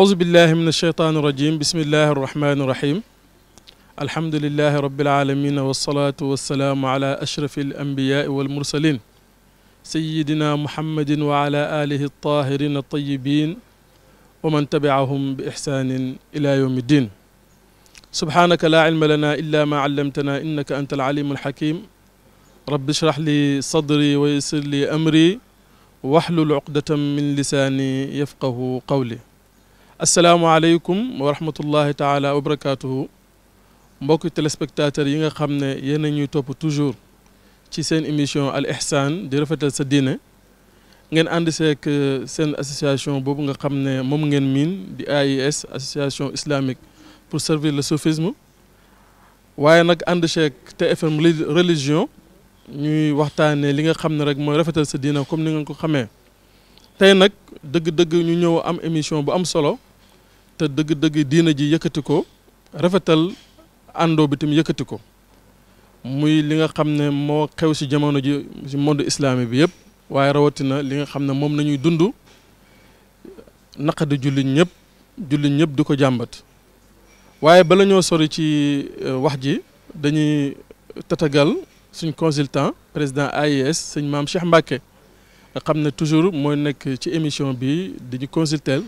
أعوذ بالله من الشيطان الرجيم بسم الله الرحمن الرحيم الحمد لله رب العالمين والصلاة والسلام على أشرف الأنبياء والمرسلين سيدنا محمد وعلى آله الطاهرين الطيبين ومن تبعهم بإحسان إلى يوم الدين سبحانك لا علم لنا إلا ما علمتنا إنك أنت العليم الحكيم رب اشرح لي صدري ويسر لي أمري واحلل عقدة من لساني يفقه قولي asalaamaaleykum wa rahmatullahi taala wa barakaatuhu mbokki téléspectateurs yi nga xam ne yéen ñuy topp toujours ci seen émission al ihsan di rafetal sa diine ngeen ànd seek euh, seen association boobu nga xam ne moom ngeen miin di AIS association islamique pour servir le soufisme waaye nag ànd seek TFM religion ñuy waxtaanee li nga xam ne rek mooy rafetal sa diine comme ni ngeen ko xamee tey nag dëgg-dëgg ñu ñëw am émission bu am solo te dëgg-dëgg diina ji yëkkati ko rafetal àndoo bi tam yëkkati ko muy li nga xam ne moo xew si jamono ji si monde islami bi yëpp waaye rawatina li nga xam ne moom nañuy dund naqadi jullit ñëpp jullit ñëpp di ko jàmbat waaye bala ñoo sori ci euh, wax ji dañuy tatagal suñ consultant président AIS sëñ maam Cheikh Mbacke nga xam ne toujours mooy nekk ci émission bi dañu consulter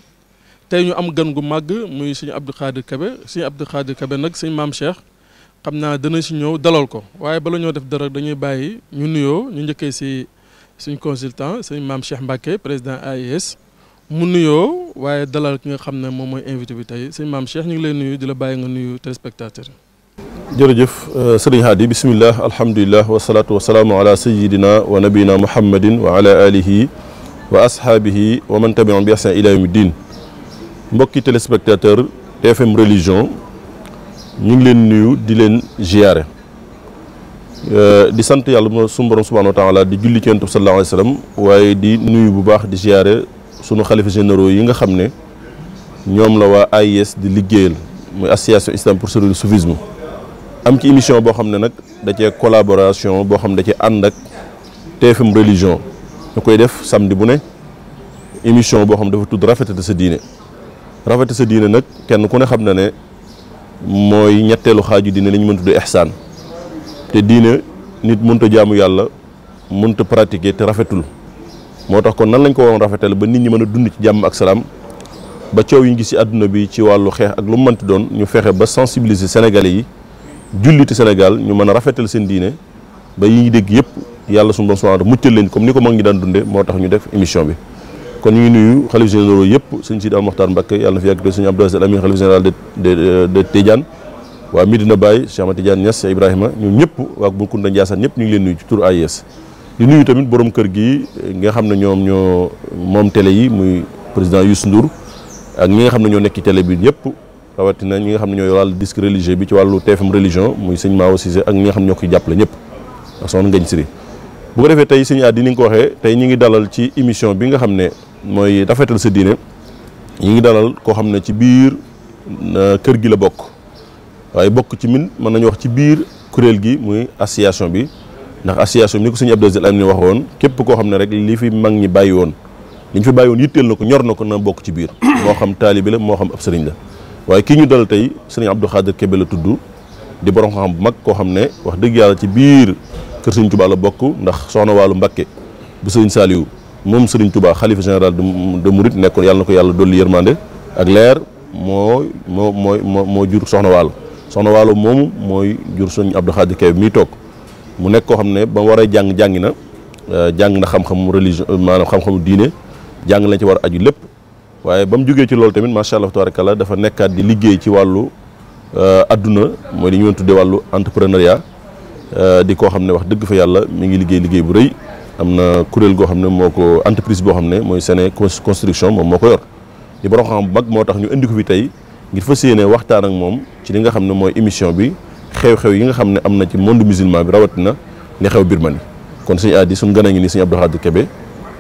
tey ñu am gan gu màgg muy suñu Abdou Khadir Kebe suñu Abdou Khadir Kebe nag suñu maam Cheikh xam naa dana si ñëw dalal ko waaye bala ñoo def dara dañuy bàyyi ñu nuyoo ñu njëkkee si suñu consultant suñu maam Cheikh Mbacke président AIS mu nuyoo waaye dalal ki nga xam ne moom mooy invité bi tey suñu maam Cheikh ñu ngi lay nuyu di la bàyyi nga nuyu téléspectateur jërëjëf euh, sëriñ Hadi bisimilah alhamdulilah wasalaatu wasalaamu ala sayidina wa nabiyina muhammadin wa ala alihi wa ashaabihi wa man tabion bi ihsan ila yawmi din mbokki téléspectateur TFM religion ñu ngi leen nuyu di leen ziyaare euh, di sant yàlla ma sunu borom subhaanahu wa di julli ci yonent bi waaye di nuyu bu baax di ziyaare sunu xalifa généraux yi nga xam ne ñoom la waa ay AIS di liggéeyal mooy association islam pour servir le am ci émission boo xam ne nag da cee collaboration boo xam ne da cee ànd ak TFM religion ñu koy def samedi bu ne émission boo xam dafa tudd rafetal sa diine rafete sa diine nag kenn ku ne xam na ne mooy ñetteelu xaaju diine la ñu mën tuddee ihsaan te diine nit mënta jaamu yàlla mënta pratiquer te rafetul moo tax kon nan lañ ko waroon rafetal ba nit ñi mën a dund ci jàmm ak salaam ba coow yi ñu gis ci àdduna bi ci wàllu xeex ak lu mu mënti doon ñu fexe ba sensibiliser sénégalais yi julliti Sénégal ñu mën a rafetal seen diine ba yi ñu dégg yëpp yàlla suñu doon subhanahu muccal leen comme ni ko mag ñi daan dunde moo tax ñu def émission bi kon ñu ngi nuyu xalif généraux yëpp sëñ Sidi Mokhtar Mbacke yàlla na fi yàgg te sëñ Abdou Aziz Amin xalif général de de de Tidiane waa Medina Baye Cheikh Ahmad Tidiane Niass Cheikh Ibrahima ñoom ñëpp waa Bounkounda Ndiassane ñëpp ñu ngi leen nuyu ci tur AIS di nuyu tamit borom kër gi nga xam ne ñoom ñoo moom télé yi muy président Youssou Ndour ak ñi nga xam ne ñoo nekk ci télé bi ñëpp rawatina ñi nga xam ne ñoo yoral disque religieux bi ci wàllu TFM religion muy sëñ Mao Cissé ak ñi nga xam ne ñoo koy jàppale ñëpp ak soxna Ngañ Siri bu ko defee tey sëñ Adi ni nga ko waxee tey ñi ngi dalal ci émission bi nga xam ne mooy rafetal sa diine ñi ngi dalal koo xam ne ci biir kër gi la bokk waaye bokk ci min mën nañu wax ci biir kuréel gi muy association bi ndax association bi ni ko sëñ Abdou Aziz waxoon képp koo xam ne rek li fi mag ñi bàyyi woon li ñu fi bàyyi woon yitteel ko ñor na na bokk ci biir moo xam taalibi la moo xam ab sëriñ la waaye kii ñu dalal tey sëriñ Abdou Khadir Kébé la tudd di borom xam bu mag koo xam ne wax dëgg yàlla ci biir kër sëriñ Tuubaa la bokk ndax soxna wàllu Mbàkke bu sëriñ Saaliw moom Serigne Touba xalifa général de Mouride nekkoon yàlla na ko yàlla dolli yërmande ak leer moo moo mooy jur soxna waalo soxna waalo moomu mooy jur sëñ Abdou Khadir Kebe miy toog mu nekk koo xam ne ba mu waree jàng jàngi na euh, jàng na xam-xamu religion euh, maanaam xam-xamu diine jàng lañ ci war aju lépp waaye ba jógee ci loolu tamit macha allah tabaarkalla dafa nekkaat di liggéey ci wàllu euh, adduna mooy li ñu tuddee wàllu entrepreneuriat di koo xam ne wax dëgg fa yàlla mi ngi liggéey liggéey bu rëy. am na kuréel goo xam ne moo ko entreprise boo xam ne mooy Séné construction moom moo ko yor di borom xam mag moo tax ñu indi ko fi tey ngir fas yéene waxtaan ak moom ci li nga xam ne mooy émission bi xew-xew yi nga xam ne am na ci monde musulman bi rawat na li xew Birmanie kon suñu aadi suñu gën a ngi nii suñu Abdou Khadir Kébé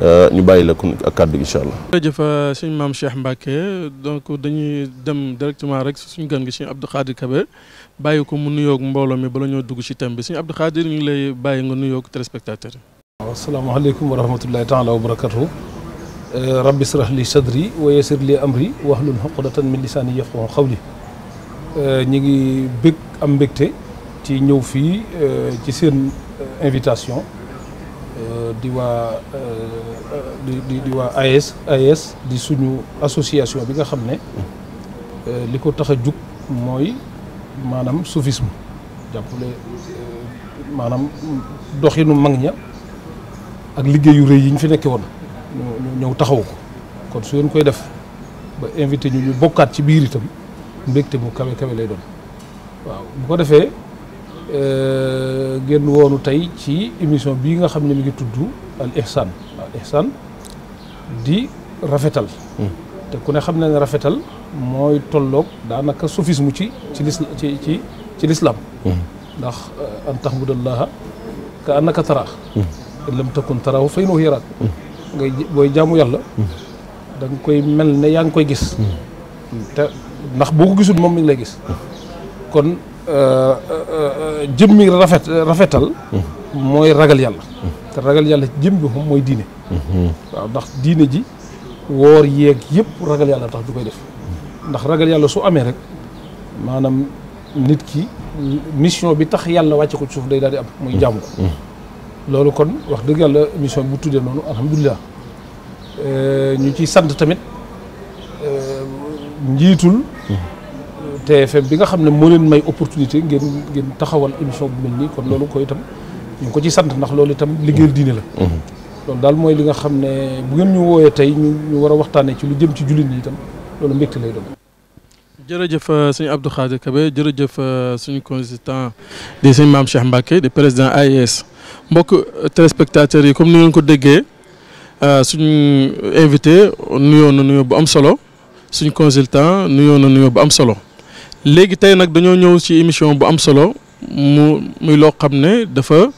euh, ñu bàyyi la kon ak kàddu gi incha allah. jërëjëf euh, maam Cheikh Mbacke donc dañuy dem directement rek suñu gan gi suñu Abdou Khadir Kébé bàyyi ko mu nuyoog mbooloo mi bala ñoo dugg ci thème bi suñu Abdou Khadir ñu lay bàyyi nga nuyoog téléspectateur yi. waaw asalaamaaleykum wa rahmatullahi taala wa barakatuhu euh, rabbi israh li sadri wa yassir li amri wahlul uqdatan min lisaani yafqahu qawli euh, ñi ngi bég am mbégte ci ñëw fii euh, ci seen invitation di waa di di waa AES AES suñu association bi nga xam ne li ko tax a jug mooy maanaam soufisme jàppale maanaam doxinu mag ña ak liggéeyu rëy yi ñu fi nekkee woon ñu ñëw taxaw ko kon su ngeen koy def ba invité ñu ñu bokkaat ci biir itam mbégte mu kawe kawe lay doon waaw bu ko defee euh, ngeen woonu tey ci émission bii nga xam ne mi ngi tudd al ihsan al ihsan di rafetal hmm. te ku ne xam na ne rafetal mooy tolloog daanaka sophisme ci ci lis ci ci ci lislaam hmm. ndax euh, an taxbudallaha ka annaka taraax hmm. lam takun taraahu fa innahu yaraak ngay booy jaamu yàlla da nga koy mel ne yaa ngi koy gis te ndax boo ko gisul moom mi ngi lay gis kon euh, euh, euh, jëmmi rafet rafetal mooy ragal yàlla te ragal yàlla jëm bi moom mooy diine waaw ndax diine ji woor yeeg yëpp ragal yàlla tax du koy def ndax ragal yàlla su amee rek maanaam nit ki mission bi tax yàlla wàcce ko ci suuf day daal di am muy jaamu ko loolu kon wax dëgg yàlla émission bu tuddee noonu alhamdulilah euh, ñu ciy sant tamit euh, njiitul te mm-hmm. TFM bi nga xam ne moo leen may opportunité ngeen ngeen taxawal émission bu mel nii kon loolu ko itam ñu ngi ko ci sant ndax loolu itam liggéeyal mm-hmm. diine la mm-hmm. loolu daal mooy li nga xam ne bu ngeen ñu wooyee tey ñu ñu war a waxtaanee ci lu jëm ci jullit ñi itam loolu mbégte lay doon jërëjëf euh, suñu Abdou Khadir Kébé jërëjëf suñu consultant di suñu maam Cheikh Mbacké de président AIS mbokk téléspectateurs yi comme ni ngeen ko déggee euh, suñ invité nuyoo na bu am solo suñ consultant nuyoo na bu am solo léegi tey nag dañoo ñëw ci émission bu am solo mu muy loo xam ne dafa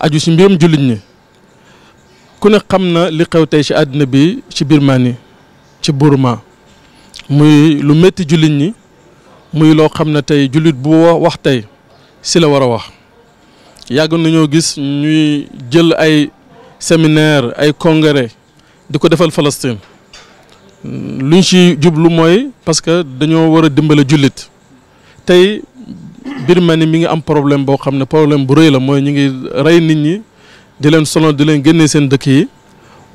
aju ci mbirum jullit ñi ku ne xam na li xew tey ci àddina bi ci Birmanie ci Burma muy lu métti jullit ñi muy loo xam ne tey jullit bu wax tey si la war a wax. yàgg nañoo gis ñuy jël ay séminaire ay congrès di ko defal Palestine lu ñu ci jublu mooy parce que dañoo war a dimbale jullit tey Birmanie mi ngi am problème boo xam ne problème bu rëy la mooy ñu ngi rey nit ñi di leen solo di leen génnee seen dëkk yi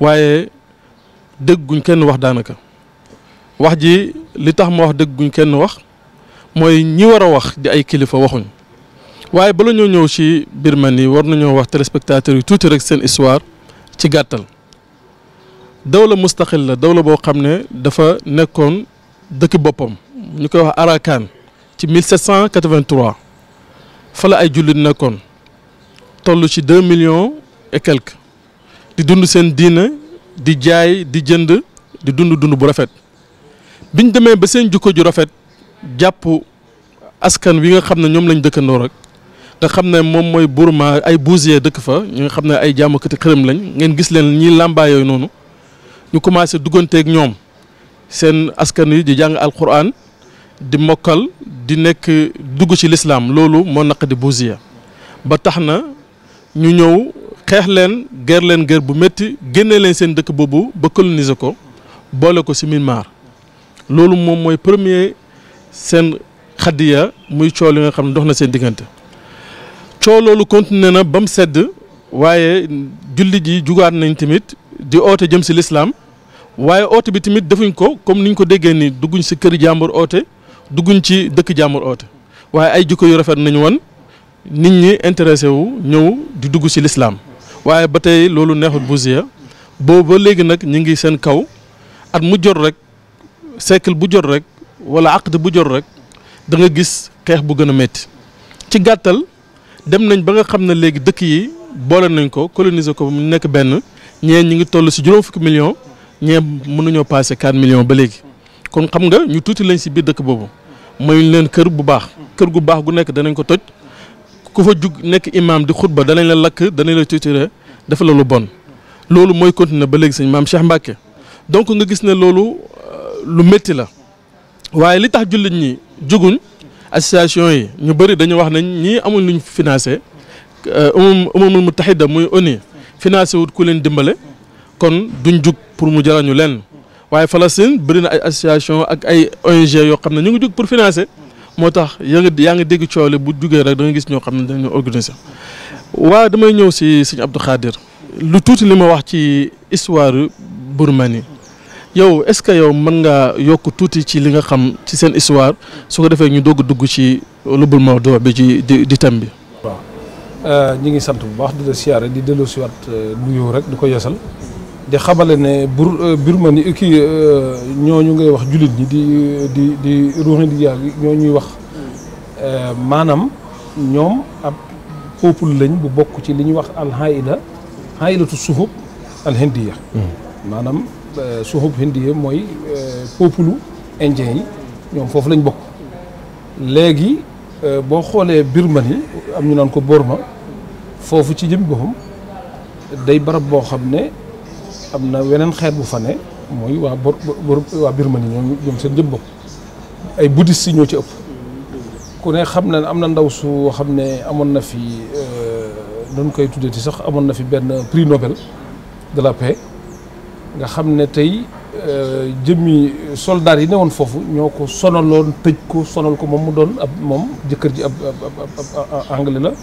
waaye dégguñ kenn wax daanaka wax ji li tax ma wax dégguñ kenn wax mooy ñi war a wax di ay kilifa waxuñ waaye bala ñoo ñëw ci Birmanie war nañoo wax téléspectateurs yi tuuti rek seen histoire ci gàttal dawla mustaxil la dawla boo xam ne dafa nekkoon dëkk boppam ñu koy wax Arakan ci 1783 fa la ay jullit nekkoon toll ci 2 millions et di dund seen diina di jaay di jënd di dund dund bu rafet biñ demee ba seen jukko ju rafet jàpp askan wi nga xam ne ñoom lañ dëkkandoo rek. te xam ne moom mooy Burma ay bousier dëkk fa ñi nga xam ne ay jàmmkati xërëm lañ ngeen gis leen ñiy làmbaay noonu ñu commencé dugganteeg ñoom seen askan yi di jàng alquran di mokkal di nekk dugg ci lislaam loolu moo naq di bousier ba tax na ñu ñëw xeex leen ger leen ger bu métti génne leen seen dëkk boobu ba coloniser ko boole ko ci Myanmar loolu moom mooy premier seen xaddiya muy coow li nga xam ne dox na seen diggante coow loolu continué na ba mu sedd waaye julli ji jugaat nañ tamit di oote jëm si lislaam waaye oote bi tamit defuñ ko comme ni niñ ko déggee ni dugguñ si kër jàmbur oote dugguñ ci dëkk jàmbur oote waaye ay jukko yu rafet nañu woon nit ñi intéressé wu ñëw di dugg si lislaam waaye ba tey loolu neexut Bouzia boobu ba léegi nag ñu ngi seen kaw at mu jot rek siècle bu jot rek wala aqd bu jot rek da nga gis xeex bu gën a métti ci gàttal dem nañ ba nga xam ne léegi dëkk yi boole nañ ko coloniser ko mu nekk benn ñee ñi ngi toll si juróom fukki millions ñee nañoo passé 4 million ba léegi kon xam nga ñu tuuti lañ si biir dëkk boobu mayuñ leen kër bu baax kër gu baax gu nekk danañ ko toj ku fa jug nekk imaam di xutba danañ la lakk danañ la tuutiree dafa la lu bon loolu mooy continuer ba léegi sañ maam Cheikh Mbacke donc nga gis ne loolu euh, lu metti la waaye li tax jullit ñi juguñ association yi ñu bëri dañu wax nañ ñii amul luñ financé euh, umam umamul mutahida muy ONU financé wut ku leen dimbale kon duñ jug pour mu jarañu leen waaye Palestine bëri na ay association ak ay ONG yoo xam ne ñu ngi jug pour financer moo tax yaa ngi yaa ngi dégg coole bu jugee rek da gis ñoo xam ne dañoo organiser waa damay ñëw si sëñ Abdou Khadir lu tuuti li ma wax ci histoire Birmanie yow est-ce que yow mën nga yokk tuuti ci li nga xam ci seen histoire su ko defee ñu dogg dugg ci Lubul Mawdu bi ci di di thème bi. waaw euh, ñu ngi sant bu baax de la siyaare di delloo siwaat euh, yow rek di ko yeesal di xamale ne bur ki euh, kii ñooñu ngay wax jullit ñi di di di rohingyas bi ñoo ñuy wax maanaam ñoom ab peuple lañ bu bokk ci li ñuy wax alhaïda haïdatu suhub alhindiya hmm. maanaam. suxub hindiye mooy euh, populu indien yi ñoom foofu lañ bokk léegi euh, boo xoolee Birmanie am ñu naan ko Burma foofu ci jëm boppam day barab boo xam ne am na weneen xeet bu fa ne mooy waa bor waa Birmanie ñoom ñoom seen jëm bopp ay bouddhiste yi ñoo ci ëpp ku ne xam na ne am na ndaw su xam ne amoon na fi dañ euh, koy tuddee ci sax amoon na fi benn prix Nobel de nga xam ne tey euh, jëmmi soldats yi ne woon foofu ñoo ko sonaloon tëj ko sonal ko moom mu doon ab moom jëkkër ji ab ab anglais la euh,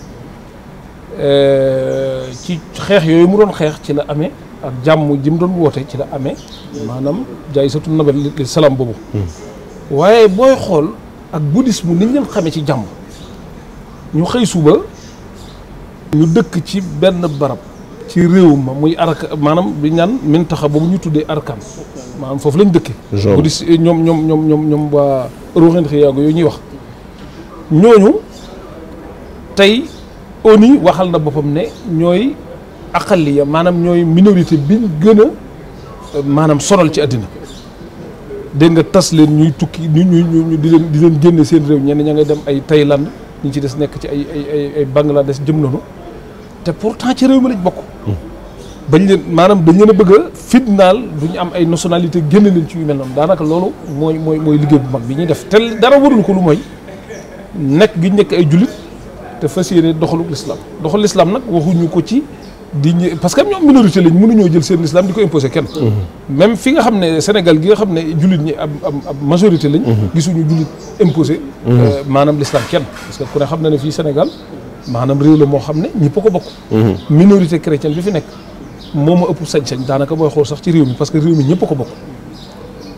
ci xeex yooyu mu doon xeex ci la amee ak jàmm ji mu doon woote ci la amee maanaam jaay satu nabal li salaam boobu hmm. waaye booy xool ak bouddhisme ni ñu leen xamee ci jàmm ñu xëy suba ñu dëkk ci benn barab ci réew ma muy araka maanaam bi ñaan mintaxa boobu ñu tuddee arkan maanaam foofu lañ dëkke bu di ñoom ñoom ñoom ñoom ñoom waa ruuxin xiyaago yooyu ñuy wax ñooñu tey ONU waxal na boppam ne ñooy aqaliya maanaam ñooy minorité bi gën a maanaam sonal ci àddina dégg nga tas leen ñuy tukki ñu ñu di leen di leen génne seen réew ñenn ña ngay dem ay Thaïlande ñu ci des nekk ci ay ay ay Bangladesh jëm noonu te pourtant ci réew mi lañ bokk bañ leen maanaam dañ leen a bëgg a fitnaal du ñu am ay nationalité génn leen ci yu mel noonu daanaka loolu mooy mooy mooy liggéey bu mag bi ñuy def te dara warul ko lu mooy nekk gi nekk ay jullit te fas yéene doxalu l'islam doxal l'islam nag waxuñu ko ci di ñu parce que ñoom minorité lañ mënuñoo jël seen l'islam di ko imposer kenn. Mm-hmm. même fi nga xam ne Sénégal gi nga xam ne jullit ñi ab ab majorité lañ. Mm-hmm. gisuñu jullit imposer. Mm-hmm. Euh, maanaam l'islam kenn parce que ku ne xam na ne fii Sénégal maanaam réew la moo xam ne ñëpp ko bokk. minorité chrétienne fi nekk. moom ma ëpp sañ-sañ daanaka mooy xool sax ci réew mi parce que réew mi ñëpp ko bokk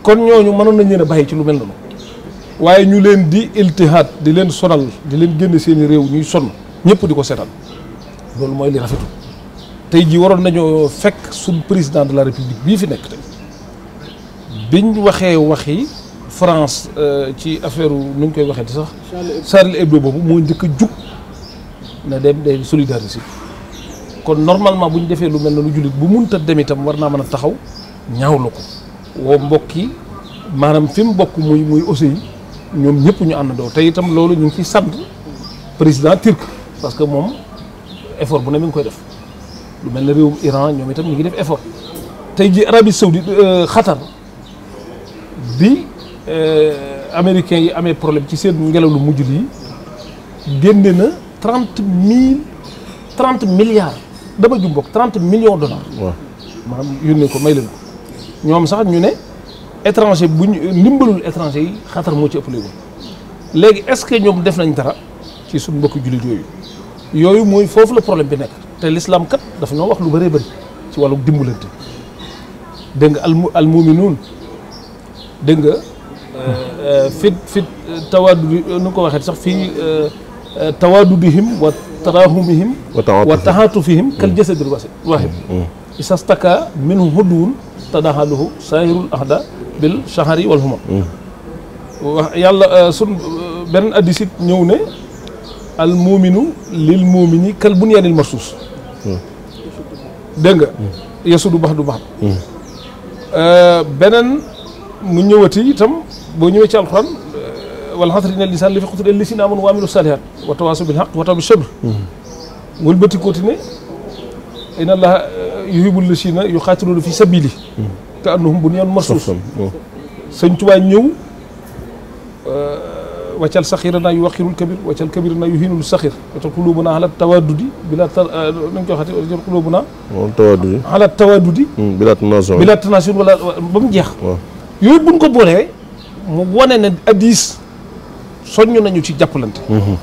kon ñooñu mënoon nañ leen a ci lu mel noonu waaye ñu leen di iltihaad di leen sonal di leen génn seeni réew ñuy sonn ñëpp di ko setal loolu mooy li rafetul tey jii waroon nañoo fekk suñ président de la république bii fi nekk tey biñ waxee waxi France euh, ci affaire nu ñu koy waxee sax Charlie Hebdo boobu moo njëkk a jug na dem day solidariser kon normalement bu ñu defee lu mel ne lu jullit bu munta dem itam war naa mën a taxaw ñaawlu ko woo mbokki maanaam fi mu bokk muy muy aussi ñoom ñëpp ñu àndandoo te itam loolu ñu ngi ciy sant président turc parce que moom effort bu ne mi ngi koy def lu mel ne réewum Iran ñoom itam ñu ngi def effort tey ji Arabie Saoudite euh, Qatar bi euh, américains yi amee problème ci seen ngelaw lu mujj lii génne na trente mille trente milliards dama jum bokk trente millions de dollars. waaw maanaam yónnee ko may leen ko ñoom sax ñu ne étranger bu ñu ndimbalul étranger yi xatar moo ci ëpp léegi léegi est-ce que ñoom def nañ dara ci suñu mbokk jullit yooyu yooyu mooy foofu la problème bi nekk te l'islam kat dafa ñoo wax lu bëree bëri ci wàllu dimbalante dégg nga al muminuun dégg nga euh, euh, fit fit euh, tawaadudi nu ko waxee sax fii bi wa تراهمهم وتعاطفهم كالجسد الواحد إذا استكى منه هدون تداهله سائر الأهدى بالشهر والهمم يلا سن بن أديسيت نيوني المؤمن للمؤمن كالبنيان المرصوص dégg nga yesu du bax du bax beneen mu ñëwati itam boo ñëwee ci alxuraan wal xasri ne lisaan li fi xutur el lisina amoon wa amilu salihat wa tawaasu bil xaq wa taw bi sabr wal bëti continué inna allaha yuhibbu lisina yuqaatiluuna fi sabili ka annahum bunyan marsus sëñ Tuubaa ñëw euh, waccal saxira naa yu waqirul kabir waccal kabir naa yu hiinul saxir waccal xulubu naa xalaat tawaadudi bila euh, nañ koy waxati waccal xulubu naa tawaadudi xalaat tawaadudi hmm, bila tanaasun bila tanaasun wala ba mu jeex yooyu buñ ko boolee mu wane ne addis soññ nañu ci jàppalante. Mhm.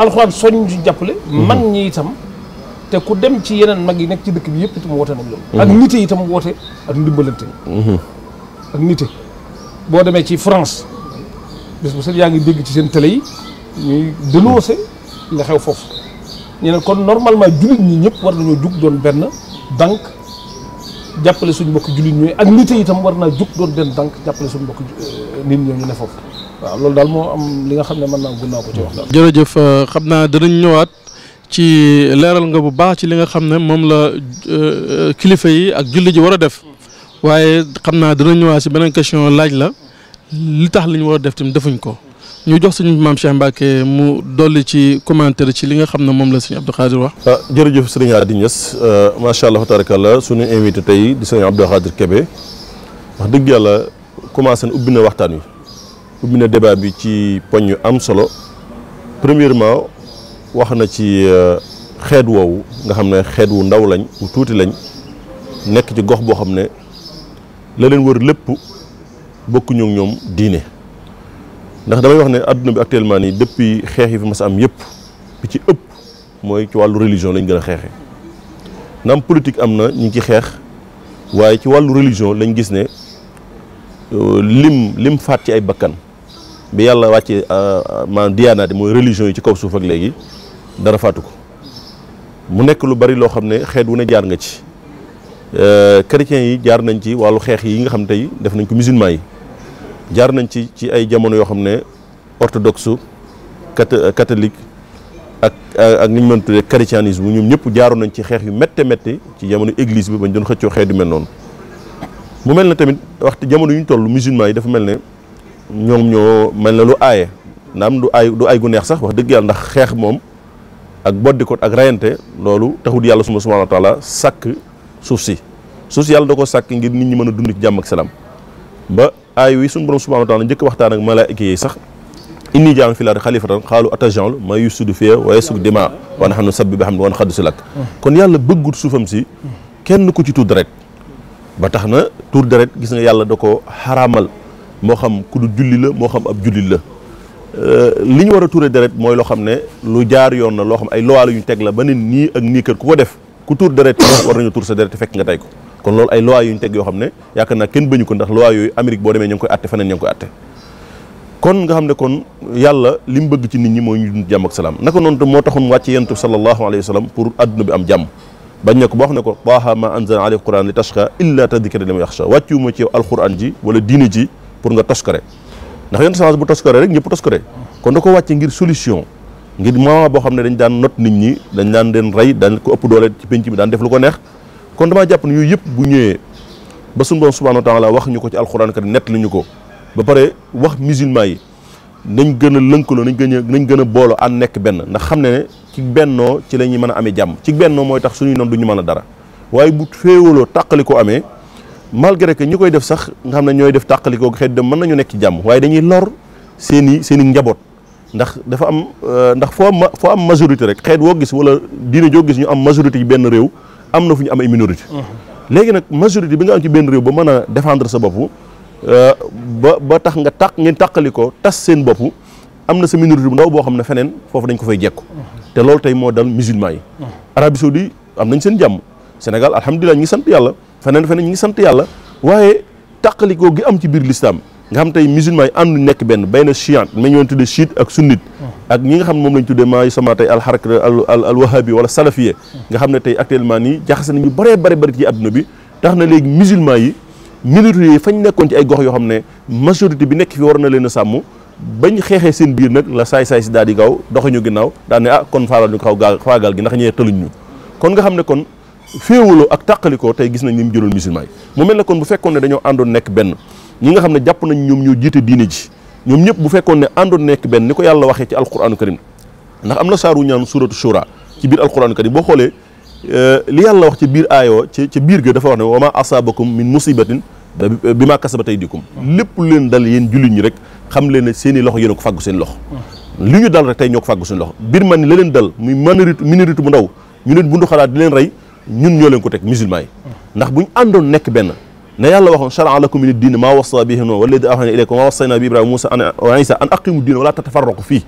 alxuraan soññ ci jàppale. Mhm. mag ñi itam te ku dem ci yeneen mag yi nekk ci dëkk bi yëpp itam woote nañ loolu. Mhm. ak nite itam woote ak ndimbalante. ak nite boo demee ci France bis bu set yaa ngi dégg ci seen télé yi ñuy dénoncé la xew foofu. ñu ne kon normalement jullit ñi ñëpp war nañoo jug doon benn dànk jàppale suñu mbokk jullit ñooy ak nite itam war naa jug doon benn dank jàppale suñu mbokk euh, nit ñoo ñu ne foofu. waaw loolu daal moo am li nga xam ne man naa gunnaa ko ci wax daal. jërëjëf euh, xam naa danañ ñëwaat ci leeral nga bu baax ci li nga xam ne moom la euh, euh, kilifa yi ak julli ji war a def waaye xam naa danañ ñëwaat si beneen question laaj la li tax li ñu war a def tamit defuñ ko. ñu jox suñu maam Cheikh Mbacke mu dolli ci commentaire ci li nga xam ne moom la suñu Abdou Khadir wax. ah jërëjëf sëriñ di Niass macha allah tabarakallah suñu invité tey di sëriñ Abdou Khadir Kébé dëgg yàlla commencé na ubbi waxtaan wi. ubbi na débat bi ci poñ yu am solo premièrement wax na ci euh, xeet woowu nga xam ne xeet wu ndaw lañ wu tuuti lañ nekk ci gox boo xam ne la leen wër lépp bokkuñu ñoom diine ndax damay wax ne àdduna bi actuellement nii depuis xeex yi fi mas a am yëpp bi ci ëpp mooy ci wàllu religion lañ gën a xeexee naam politique am na ñu ci xeex waaye ci wàllu religion lañ gis ne euh, lim lim faat ci ay bakkan bi yàlla wàcce euh, euh, maanaam diyaanaat yi mooy religion yi ci kaw suuf ak léegi dara faatu ko mu nekk lu bari loo xam ne xeet wu ne jaar nga ci euh, chrétiens yi jaar nañ ci wàllu xeex yi nga xam tey def nañ ko musulman yi jaar nañ ci ci ay jamono yoo xam ne orthodoxe catholique ak ak ni ñu mën tuddee christianisme ñoom ñëpp jaaroon nañ ci xeex yu métte métte ci jamono église bi bañ doon xëccoo xeet yu mel noonu mu mel ne tamit waxtu jamono yuñ ñu toll musulman yi dafa mel ne ñoom ñoo mel na lu aaye naam du ay du ay gu neex sax wax dëgg yàlla xeex moom ak boddikot ak rayante loolu taxut yàlla suma subhanahu wa taala sàkk suuf si suuf si yàlla da ko sàkk ngir nit ñi mën a dund ci jàmm ak salaam ba aay wi suñu borom subhanahu wa taala jëkk waxtaan ak malaayika yi sax inni jaam fi laati xalifatan xaalu atagenl ma yusudu fie waaye sug dima wa nahnu sabbi bi hamdi wan xaddu si lakk kon yàlla bëggut suufam si kenn ku ci tuur deret ba tax na tuur deret gis nga yàlla da ko moo xam ku du julli la moo xam ab jullit la euh, li ñu war a tuure deret mooy loo xam ne lu jaar yoon na loo xam ay loi la ñu teg la ba ne nii ak nii kër ku ko def ku tuur deret war nañu tuur sa deret te fekk nga tey ko kon loolu ay loi yu ñu teg yoo xam ne yaakaar naa kenn bañu ko ndax loi yooyu Amérique boo demee ñu ngi koy atte feneen ñu ngi koy atte kon nga xam ne kon yàlla li mu bëgg ci nit ñi mooy ñu dund jàmm ak salaam naka noonu te moo taxoon wàcc yonent yen sallallahu alayhi wa sallam jàmm bañ ne ko ba wax ne ko taaha ma anzala alayka quran li tashqa illa tadhkira ji pour nga toskare ndax yenn chance bu toskare rek ñëpp toskare kon da ko wàcce ngir solution ngir moment boo xam ne dañ daan not nit ñi dañ daan leen rey daan ko ëpp doole ci penc mi daan def lu ko neex kon damaa jàpp yooyu yëpp bu ñëwee ba suñu borom subhanahu wa taala wax ñu ko ci alxuraan kat nett li ko ba pare wax musulman yi nañ gën a lënkaloo nañ gën nañ gën a booloo ànd nekk benn ndax xam ne ci bennoo ci la ñuy mën a amee jàmm ci bennoo mooy tax su suñuy noon du ñu mën a dara waaye bu féewaloo tàqali ko amee malgré que ñi koy def sax nga xam ne ñooy def tàqalikoo xëy dem mën nañu nekk ci jàmm waaye dañuy lor seen seeni seen i njaboot ndax dafa am euh, ndax foo am foo am majorité rek xeet woo gis wala diine joo gis ñu am majorité yi benn réew am na fu ñu am ay minorité léegi nag majorité bi nga am ci benn réew ba mën a défendre sa bopp euh, ba ba tax nga takk ngeen ko tas seen bopp am na sa minorité bu ndaw boo xam ne feneen foofu dañ ko fay jekku te loolu tey moo dal musulman yi Arabie Saoudi am nañ seen jàmm Sénégal alhamdulilah ñu ngi sant yàlla feneen feneen ñu ngi sant yàlla waaye tàqalikoo gi am ci biir l'islam nga xam tey musulman yi àndu nekk benn bay na chiite mais ñu leen tuddee chiite ak sunnite ak ñi nga xam moom lañ tuddee maa sama tey alxarak al al wahabi wala salafie nga xam ne tey actuellement nii jaxase bi tax na léegi musulman yi militaires yi fañ nekkoon ci ay gox yoo xam ne majorité bi nekk fi war na leen a sàmm bañ xeexee seen biir nag la saay-saay si daal di gaaw doxuñu ginnaaw daal ne ah kon faalal ñu kaw gaa faagaal gi ndax ñee tëluñ ñu kon nga féewaloo ak tàqalikoo tey gis nañ ni mu jëloon musulman yi mel ne kon bu fekkoon ne dañoo àndoon nekk benn ñi nga xam ne jàpp nañ ñoom ñoo jiite diine ji ñoom ñëpp bu fekkoon ne àndoon nekk benn ni ko yàlla waxee ci alquranu karim ndax am na saaru ñaan suratu shura ci biir alquranu karim boo xoolee euh, li yàlla wax ci biir aayoo ci ci biir ga dafa wax ne wa ma asabakum min musibatin bi ma kasabat aydikum lépp leen dal yéen jullit ñi rek xam bu ñun ñoo leen ko teg musulman yi ndax buñ àndoon nekk benn ne yàlla waxoon charaa lakum min diine maa wasa bihi noonu wala di axana ilaykum maa wasayna bi ibrahima musa wa isa an aqimu diine wala tatafarraqu fii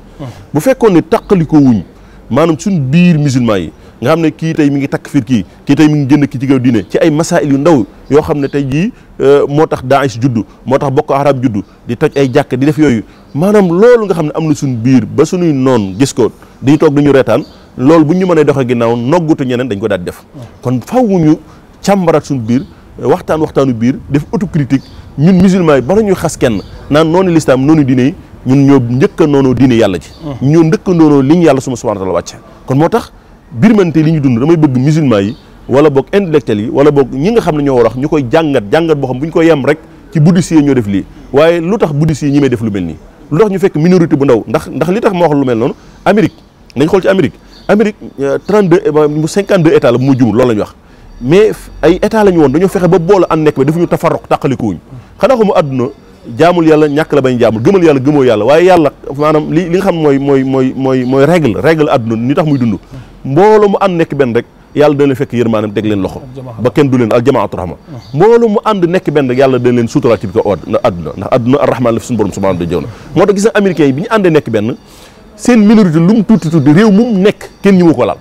bu fekkoon ne taqaliko wuñ maanaam suñ biir musulman yi nga xam ne kii tey mi ngi takk fiir kii kii tey mi ngi génn ki ci gaw diine ci ay masail yu ndaw yoo xam ne tey jii euh, moo tax Daesh juddu moo tax bokk arab juddu di toj ay jàkk di def yooyu maanaam loolu nga xam ne am na suñ biir ba suñuy noon gis ko dañu toog dañu reetaan loolu bu ñu mënee dox a ginnaaw noggutu ñeneen dañ ko daal def kon faw ñu càmbaraat suñu biir waxtaan waxtaanu biir def autocritique ñun musulman yi bala ñu xas kenn naan noonu lislaam noonu diine yi ñun ñoo njëkk a noonoo diine yàlla ji mm. ñoo njëkk a noonoo li yàlla suma subhanahu wa taala wàcce kon moo tax birmante li ñu dund damay bëgg musulman yi wala boog intellectuel yi wala boog ñi nga xam ne ñoo war ñu koy jàngat jàngat boo xam bu ñu koy yem rek ci bouddhiste ñoo def lii waaye lu tax bouddhiste yi ñi may def lu mel nii lu ñu fekk minorité bu ndaw ndax ndax li tax ma wax lu mel noonu Amérique nañ ci Amérique Amérique 32 euh, eh mu 52 états la bu mu jumul loolu la ñu wax mais ay état la ñu woon dañoo fexe ba boole an nekk bi dafa ñu tafarroq tàqalikuwuñ xanaa ko àdduna jaamul yàlla ñàkk la bañ jaamul gëmal yàlla gëmoo yàlla waaye yàlla maanaam li li nga xam mooy mooy mooy mooy mooy dund mbooloo mu ànd nekk benn rek yàlla dana leen fekk yërmaanam teg leen loxo ba kenn du leen aljamaatu rahma mbooloo mu ànd nekk benn yàlla dana leen suturaal ci bi ko àdduna ndax àdduna arrahman la fi suñu borom subhanahu da moo tax gis na américains bi seen minorité lu mu tuuti tuuti réew mum nekk kenn ñi ma ko laal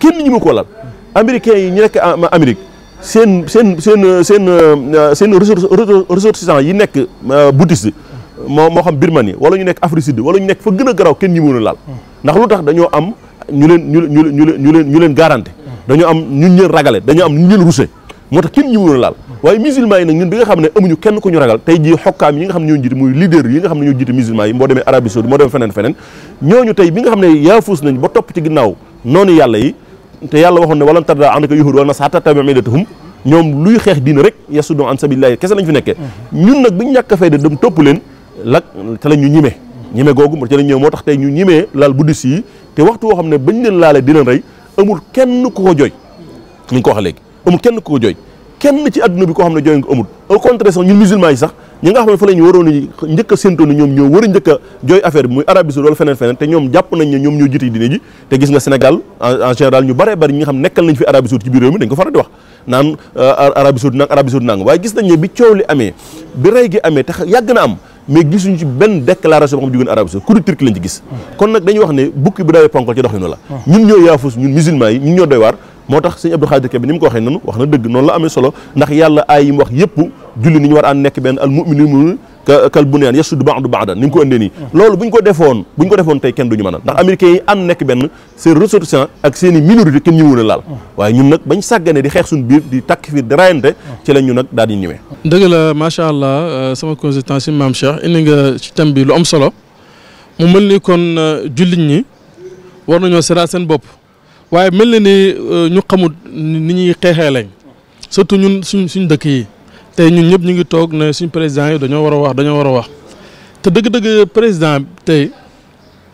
kenn ñi ma ko laal américains yi ñu nekk Amérique seen seen seen seen euh, seen ressortissants yi nekk euh, bouddhiste moo moo xam Birmanie wala ñu nekk Afrique Sud wala ñu nekk fa gën a garaaw kenn ñi mën a laal ndax lu tax dañoo am ñu leen ñu leen ñu leen ñu leen garanté dañoo am ñun ñeen ragale dañoo am ñu leen rusé moo tax kenn ñëwoon laal waaye musulman yi nag ñun bi nga xam ne amuñu kenn ku ñu ragal tey jii xokkaam yi nga xam ne ñoo jiite muy leader yi nga xam ne ñoo jiite musulman yi moo demee Arabie Saoudite moo demee feneen feneen ñooñu tey bi nga xam ne yaafuus nañ ba topp ci ginnaaw noonu yàlla yi te yàlla waxoon ne walan tarda andaka yahud wala nasara tattabi' millatahum ñoom luy xeex diine rek yasuddu an sabilillahi kese lañ fi nekkee ñun nag biñu ñàkk a fayda dem topp leen lak te la ñime ñime googu moo tax tey ñu ñimee laal buddhiste yi te waxtu woo xam ne bañ leen laale di leen rey amul kenn ku ko jooy ni nga ko wax léegi amul kenn koo jooy kenn ci adduna bi koo xam ne jooy nga amul au contraire sax ñun musulman yi sax ñi nga xam ne fa la waroon njëkk a ñoom ñoo war a jooy affaire bi muy Arabie Saoudite wala naan euh, Arabie Saoudite nang waaye gis nañ ne bi coow li amee bi rey gi amee tax yàgg na am mais gisuñu ci benn déclaration boo xam ne jógeen Arabie ku di Turquie lañ gis hmm. kon nag dañuy wax ne bukki bu dawee ponkal ci doxinu la hmm. ñun ñoo yaafus ñun moo tax sëñ Abdou Khadir Kébé ni mu ko waxee noonu wax na dëgg noonu la amee solo ndax yàlla ay yi mu wax yëpp julli ni ñu war a nekk benn al mu'minu kal bunyaan yasuddu ba'du ba'dan ni mu ko indee nii loolu bu ñu ko defoon bu ko defoon tey kenn duñu mën a ndax américains yi ànd nekk benn seen ressortissants ak seen i minorité kenn ñëwul a laal waaye ñun nag bañ sàggane di xeex suñu biir di takk fi di rayante ci la ñu nag daal di ñëwee dëgg la macha allah euh, sama consultant si maam Cheikh solo mu mel kon euh, jullit ñi war nañoo seeraat seen bopp waaye mel na ni euh, ñu xamut ni ñuy xeexee lañ surtout ñun suñ suñ dëkk yi tey ñun ñëpp ñu ngi toog ne suñ président yi dañoo war a wax dañoo war a wax te dëgg-dëgg président tey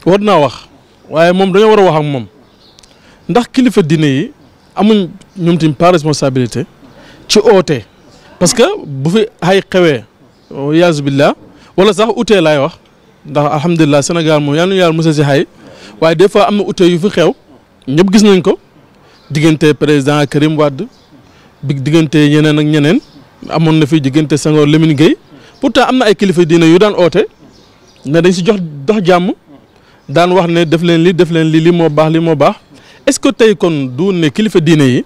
war naa wax waaye moom dañoo war a wax ak moom ndax kilifa diine yi amuñ ñoom tamit pas responsabilité ci oote parce que bu fi ay xewee yaasu wala sax utee laay wax ndax alhamdulilah Sénégal moom yal na yàlla mos si xay waaye des fois am na utee yu fi xew. ñëpp gis nañ ko diggante président Karim Wade bi diggante ñeneen ak ñeneen amoon na fi diggante Senghor Lamine Gueye pourtant am na ay kilifa diine yu daan oote ne dañ si jox dox jàmm daan wax ne def leen li def leen li li moo baax li moo baax est-ce que tey kon du ne kilifa diine yi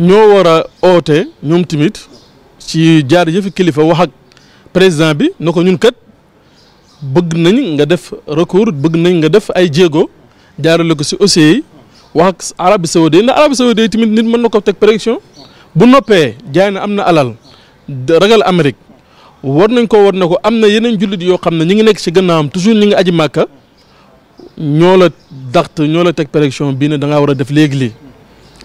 ñoo war a oote ñoom tamit si jaar yëfi kilifa wax ak président bi na ko ñun kët bëgg nañ nga def recours bëgg nañ nga def ay jéego. jaarale ko si OCI e yi wax ak Arabie Saoudite ndax Arabie Saoudite tamit nit mën na ko teg pression bu noppee jaay na am na alal ragal Amérique war nañ ko war na ko am na yeneen jullit yoo xam ne ñu ngi nekk si gannaawam toujours ñu ngi aji màkka ñoo la daxt ñoo la teg pression bii ne da ngaa war a def léegi lii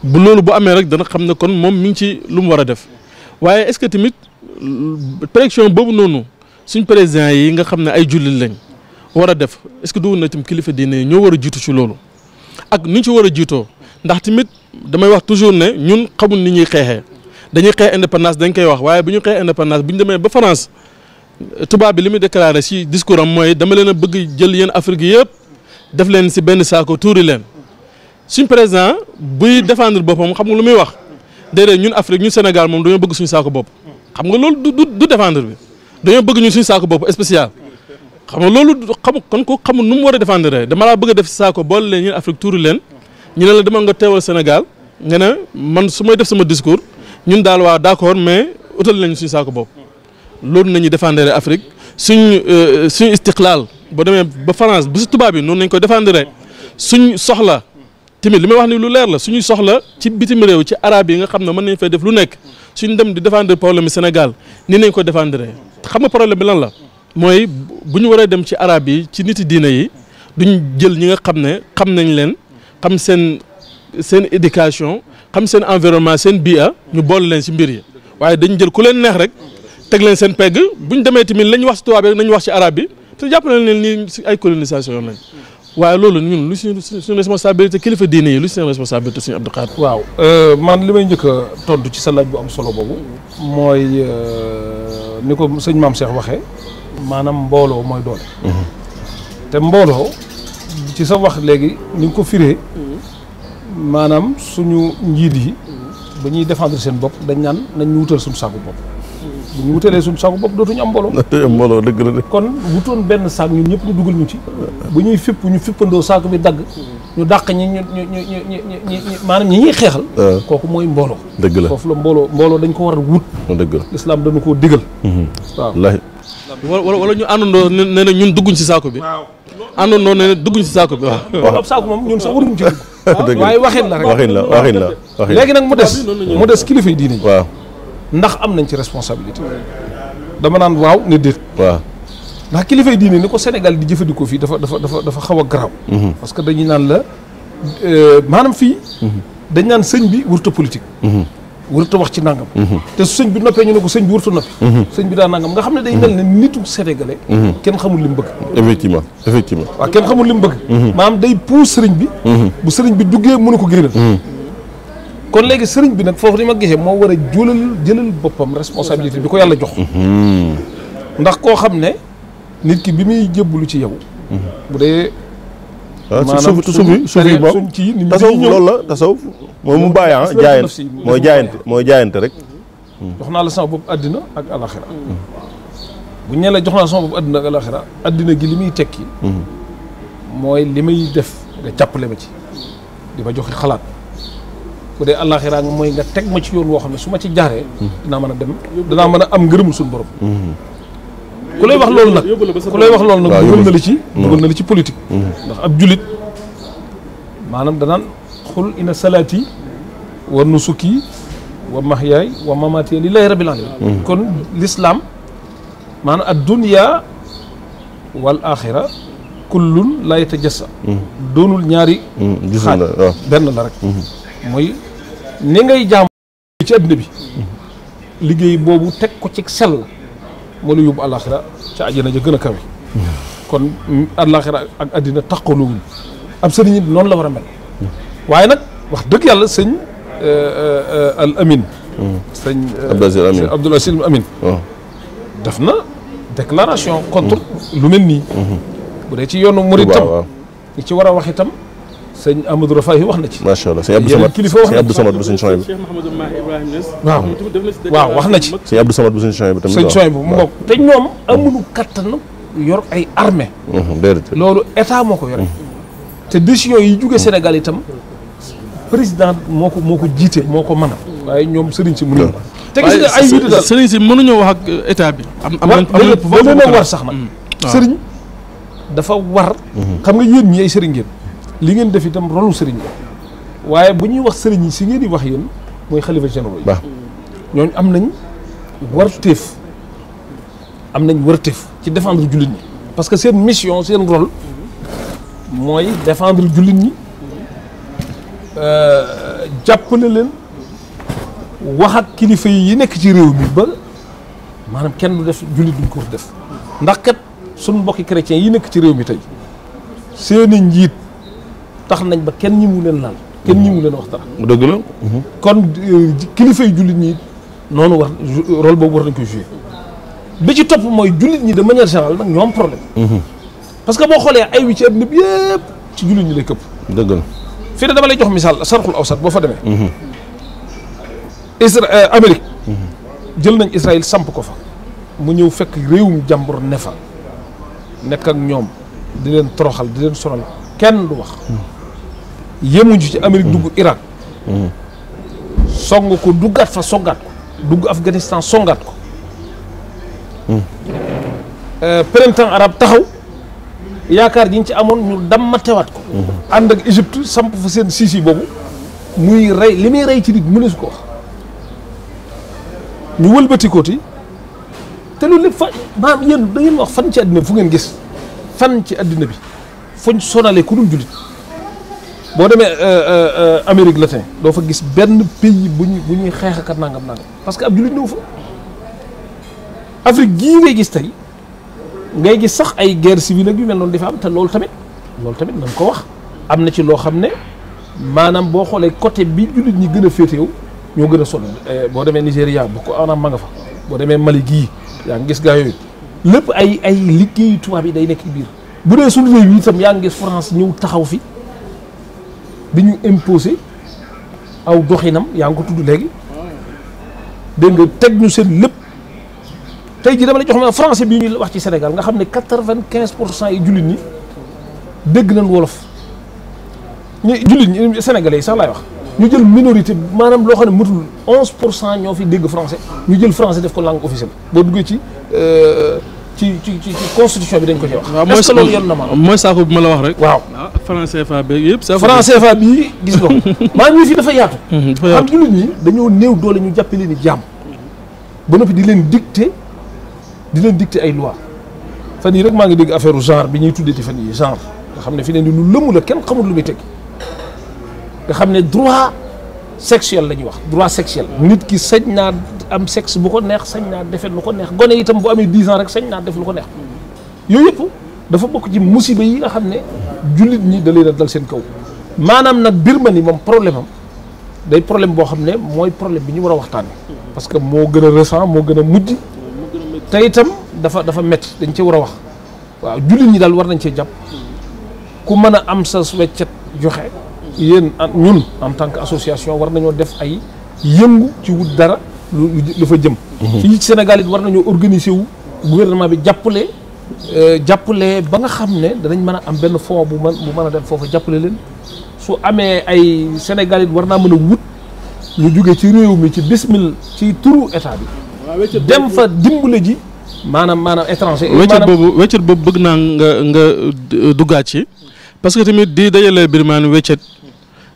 bu loolu bu amee rek dana xam ne kon moom mi ngi ci lu mu war a def waaye est-ce que tamit pression boobu noonu suñ président yi nga xam ne ay jullit lañ. war a def est-ce que dugg na tam kilifa diine yi ñoo war a jiitu ci loolu ak ñu ci war a jiitoo ndax tamit damay wax toujours ne ñun xamul ni ñuy xeexee dañuy xeex indépendance dañ koy wax waaye bu ñu xeex indépendance bu ñu demee ba France tubaab bi li muy déclaré ci mooy dama leen a bëgg jël yéen Afrique yëpp def leen si benn saako tuuri leen suñ président buy défendre boppam xam nga lu muy wax déedéet ñun Afrique ñun Sénégal moom dañoo bëgg suñ saako bopp xam nga loolu du du bi dañoo bëgg ñun suñu saako bopp spécial. xam nga loolu xamu kon ko xamul nu mu war a défendre dama laa bëgg a def saako boole leen ñun Afrique tuuru leen ñu ne la demal nga teewal Sénégal nga ne man su may def sama discours ñun daal waaw d'accord mais utal nañu suñu saako bopp loolu nañu ñu Afrique suñ euh, suñu istiqlaal ba demee ba France ba si tubaab yi noonu nañ ko défendre suñ soxla tamit li may wax ni lu leer la suñuy soxla ci bitim réew ci arab yi nga xam ne mën nañ fee def lu nekk suñ dem di défendre problème Sénégal ni nañ ko défendre xam nga problème bi lan la mooy bu ñu waree dem ci arab yi ci niti diina yi duñ jël ñi nga xam ne xam nañ leen xam seen seen éducation xam seen environnement seen bia ñu boole leen ci mbir yi waaye dañ jël ku leen neex rek teg leen seen pegg bu ñu demee tamit lañ wax ci tubaab yi nañ wax ci arab bi te jàpp nañ leen nii ci ay colonisation yoon lañ waaye loolu ñun lu suñu suñu responsabilité kilifa diine yi lu suñu responsabilité suñu Abdou Khadre waaw euh, man li may njëkk a tontu ci sa laaj bu am solo boobu mooy euh, ni ko sëñ maam Cheikh waxee maanaam mbooloo mooy doole. te mbooloo ci sa wax léegi ni nga ko firee. maanaam suñu njiit yi. ba ñuy défendre seen bopp dañ naan nañ ñu wutal suñu saako bopp. bu ñu wutalee suñu saako bopp dootuñu am mbooloo. dootuñu mbooloo dëgg la de. kon wutoon benn saak ñun ñëpp ñu dugal ñu ci. bu ñuy fipp ñu fippandoo saako bi dagg. ñu dàq ñi ñu ñu ñu ñu ñu maanaam ñi ñuy xeexal. Ah. kooku mooy mbooloo. dëgg la foofu la mbooloo mbooloo dañ ko war a wut. Ah, dëgg la lislaam dañu koo digal. Mhm. waaw wala wala ñu àndandoo nee na ñun dugguñ si saako bi. waaw àndandoo nee na dugguñ si saako bi waaw. waaw saako moom ñun sax waruñu ci dugg. waaye waxin la rek waxin la waxin la waxin léegi nag mu des. mu des kilifa yi diine yi. ndax am nañ ci responsabilité. dama naan waaw ne déet. ndax kilifay diine ni ko Sénégal di jëfandikoo fii dafa dafa dafa dafa xaw a garaaw. Mhm. parce que dañu naan la euh, maanaam fii. Mhm. dañ naan sëñ bi wërta politique. Mhm. wërta wax ci nangam. te su sëñ bi noppee ñu ne ko sëñ bi wërta noppi. sëñ bi daa nangam nga xam ne day mel ne nitu sénégalais. kenn xamul li mu bëgg. effectivement effectivement. waaw kenn xamul li mu bëgg. maanaam day puus sëriñ bi. bu sëriñ bi duggee mënu ko génnal. kon léegi sëriñ bi nag foofu ni ma gisee moo war a jëlal jëlal boppam responsabilité bi ko yàlla jox. ndax koo xam ne. nit ki bi muy jébbalu ci yow. bu dee. Ah, maanaam suuf suuf suuf yi moom ci nit ñi la tasawuf moom mu bàyyi ah jaayante mooy jaayante mooy jaayante rek. Hmm. jox naa la sama bopp àddina ak alaxira hmm. bu ñu nee la jox naa la sama bopp àddina ak alaxira àddina gi li muy tekki. Hmm. mooy li may def nga jàppale ma ci. di ma joxe xalaat. bu dee àllaaxira nga mooy nga teg ma ci yoon woo xam ne su ma ci jaaree. dinaa mën a dem danaa mën a am ngërëmul suñu borom. ku lay wax lool nag ku lay wax loolu nag mm. dugal na la ci dugal na la ci ndax ab julit maanaam danaan xul ina salaati wa nusuki wa mahyaay wa mamaati lillahi rabbil alamin mm. kon lislaam maanaam ad dunya wal axira kullun la yatajassa mm. doonul ñaari xaaj benn la rek mm-hmm. mooy ni ngay jaam ci adduna liggéey boobu teg ko ci sell moo la yóbbu àllaaxira ca àjjana ja gën a kawe kon àllaaxira ak àddina taqaluwuñ ab sëriñ it noonu la war a mel waaye nag wax dëgg yàlla sëñ euh, euh, al amin sëñ euh, Abdoul Aziz Al Amin def na déclaration contre lu mel nii mm-hmm. bu dee ci yoonu murid tam ci war a wax sëñ Amadou Rafahi wax na ci. macha allah sëñ wax na ci sëñ Abdou Samad bu sëñ Soñ waaw wax na ci. sëñ Abdou Samad bu sëñ Soñ bi tamit. te ñoom amuñu kattan yor ay armée mm-hmm, déedéet loolu état moo ko yore. Mm-hmm. te décision yi jóge Sénégal itam président moo ko moo jiite moo ko mën waaye ñoom sëriñ si mënuñu ko. te gis nga ay wax ak état bi. am am nañu war sax nag. Mm. sëriñ dafa war. Mm-hmm. xam nga yéen ñi ay sëriñ ngeen li ngeen def itam rolu sëriñ la waaye bu ñuy wax sëriñ yi si ngeen di wax yéen mooy xalifa généraux yi ñooñu am nañ warteef am nañ warteef ci défendre jullit ñi parce que seen mission seen rôle mooy défendre jullit ñi euh, jàppale leen waxaat kilifa yi nekk ci réew mi ba maanaam kenn du def jullit duñ ko def ndax kat sunu mbokki chrétiens yi nekk ci réew mi tey seeni njiit tax nañ ba kenn ñi leen laal kenn ñi mu leen wax dara. dëgg la. kon euh, kilifay jullit ñi noonu war rôle boobu war nañ ko jouer bi ci topp mooy jullit ñi de manière générale nag ñoom am problème. Mhm. parce que boo xoolee ay wi ci adduna bi ci jullit ñi lay këpp. dëgg la fii de dama lay jox misaal sarxul awsat boo fa demee. Mhm. Isra euh, Amérique. jël nañ Israël samp ko fa. mu ñëw fekk réewum jàmbur ne nekk ak ñoom di leen toroxal di leen sonal kenn du wax. Mhm. yemuñu ci Amérique dugg Irak. song ko duggaat fa songaat ko dugg Afghanistan songaat ko. Euh, printemps arabe taxaw yaakaar ji ci amoon ñu dammatewaat ko. ànd ak Égypte samp fa seen Sisi boobu muy rey li muy rey ci nit mënees ko wax ñu wëlbati kooti te loolu lépp fa maanaam yéen ngeen wax fan ci àddina fu ngeen gis fan ci àddina bi fuñ sonale ku dul jullit. boo demee euh, euh, euh, Amérique latin doo fa gis benn pays bu ñuy bu ñuy xeex ak nangam nangam parce que ab jullit ñëw fa Afrique gii ngay gis tey ngay gis sax ay guerre civile ak yu mel noonu dafa am te loolu tamit loolu tamit nañ ko wax am na ci loo xam ne maanaam boo xoolee côté bi jullit ñi gën a féetew ñoo gën a sonn boo demee Nigéria bu ko anam ma nga fa boo demee Mali gii yaa ngi gis gaa yooyu lépp ay ay liggéeyu tubaab yi day nekk ci biir bu dee suñu réew yi itam yaa ngi gis France ñëw taxaw fi bi ñu imposé aw doxinam yaa ngi ko tudd léegi dégg nga teg ñu seen lépp tey jii dama la jox ma français bi ñuy wax ci Sénégal nga xam ne quatre-vingt-quinze pour cent yi jullit ñi dégg nañ wolof ñu jullit ñi sénégalais yi sax laay wax ñu jël minorité maanaam loo xam ne matul onze pour cent ñoo fi dégg français ñu jël français def ko langue officielle boo duggee ci euh, ci ci bi dañ ko ci wax. waaw mooy loolu yan na ma. mooy saako bi ma la wax rek. waaw ah, gis nga ko. maanaam fi hmm, dafa yaatu. xam jullit ñi dañoo doole ñu jàppe leen ni ba noppi di leen dicté di leen dicté ay loi fan yii rek maa ngi dégg affaire genre bi ñuy tuddee ci fan yii genre nga xam ne fi ne ni lu lëmu kenn xamul lu mu teg nga xam ne droit. sexuel la ñuy wax droit sexuel. nit ki sañ naa am sexe bu ko neex sañ naa defet lu ko neex gone itam bu amee 10 ans rek sañ naa def lu ko neex yooyu yëpp dafa bokk ci musiba yi nga xam ne jullit ñi da leen dal seen kaw maanaam nag Birmanie moom problème am day problème boo xam ne mooy problème bi ñu war a waxtaan parce que moo gën a récent moo gën a mujj te itam dafa dafa métti dañ cee war a wax waaw jullit ñi daal war nañ cee jàpp ku mën a am sa weccet joxe yéen ñun en tant que association war nañoo def ay yëngu ci wut dara lu fa jëm. Mhm. fii ci Sénégal war nañoo organiser wu gouvernement bi jàppale euh, jàppale ba nga xam ne danañ mën a am benn fond bu mën bu mën a dem foofa jàppale leen su amee ay Sénégal war naa mën a wut ñu jóge ci réew mi ci bismil ci turu état bi. dem fa dimbale ji. maanaam maanaam étranger. weccet boobu weccet boobu bëgg naa nga nga duggaat ci. parce que tamit di dajalee birmaan weccet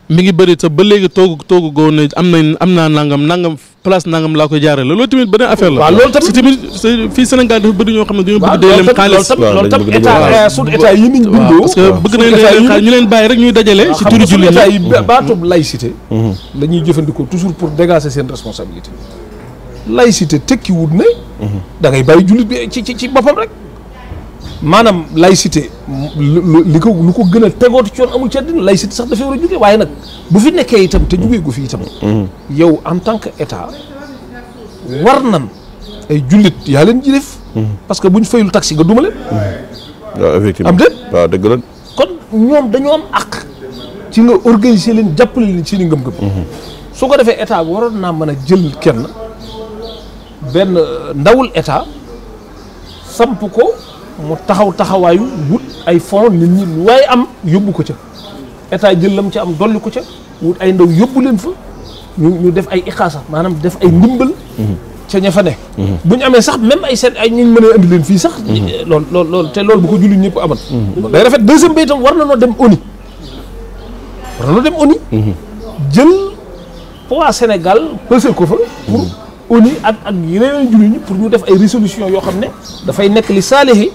mi ngi bëri te ba léegi toogu toogu goo ne am nañ am naa nangam nangam place nangam laa ko jaarale loolu tamit beneen affaire la. waaw tamit si tamit fii Sénégal dafa bëri ñoo xam ne dañoo bëgg dee leen xaalis. waaw ñuy dajale. si turi julli état yi baatub laïcité. la ñuy jëfandikoo toujours pour dégager seen responsabilité. laïcité tekkiwut ne. Mhm. da ngay bàyyi jullit bi ci ci boppam rek. maanaam laïcité li ko lu ko gën a tegooti coon amul ci àddina laïcité sax dafay war a jóge waaye nag bu fi nekkee itam te jógee gu fi itam mm-hmm. yow en tant que état war nan ay jullit yaa leen jilif mm-hmm. parce que buñ fayul taxi nga duma leen waaw mm-hmm. am déet waaw dëgg la kon ñoom dañoo am ak ci nga organiser leen jàppale leen ci ni ngëm-ngëm su ko defee état waroon naa mën a jël kenn benn ndawul état samp ko mu taxaw taxawaayu wut ay fonds nit ñi lu waaye am yóbbu ko ca état jël lam ci am dolli ko ca wut ay ndaw yóbbu leen fa ñu def ay iqaasa maanaam def ay ndimbal. ca ña fa ne. Mhm. buñ amee sax même ay seet ay ñu mën a indi leen fii sax. Mhm. lool lool lool te loolu bu ko jullit ñëpp amal. Mhm. day rafet deuxième bi itam war na noo dem ONU. war na noo dem ONU. jël poids Sénégal pësal ko fa pour. ONU ak ak yeneen jullit pour ñu def ay résolution yoo xam ne dafay nekk li saalihi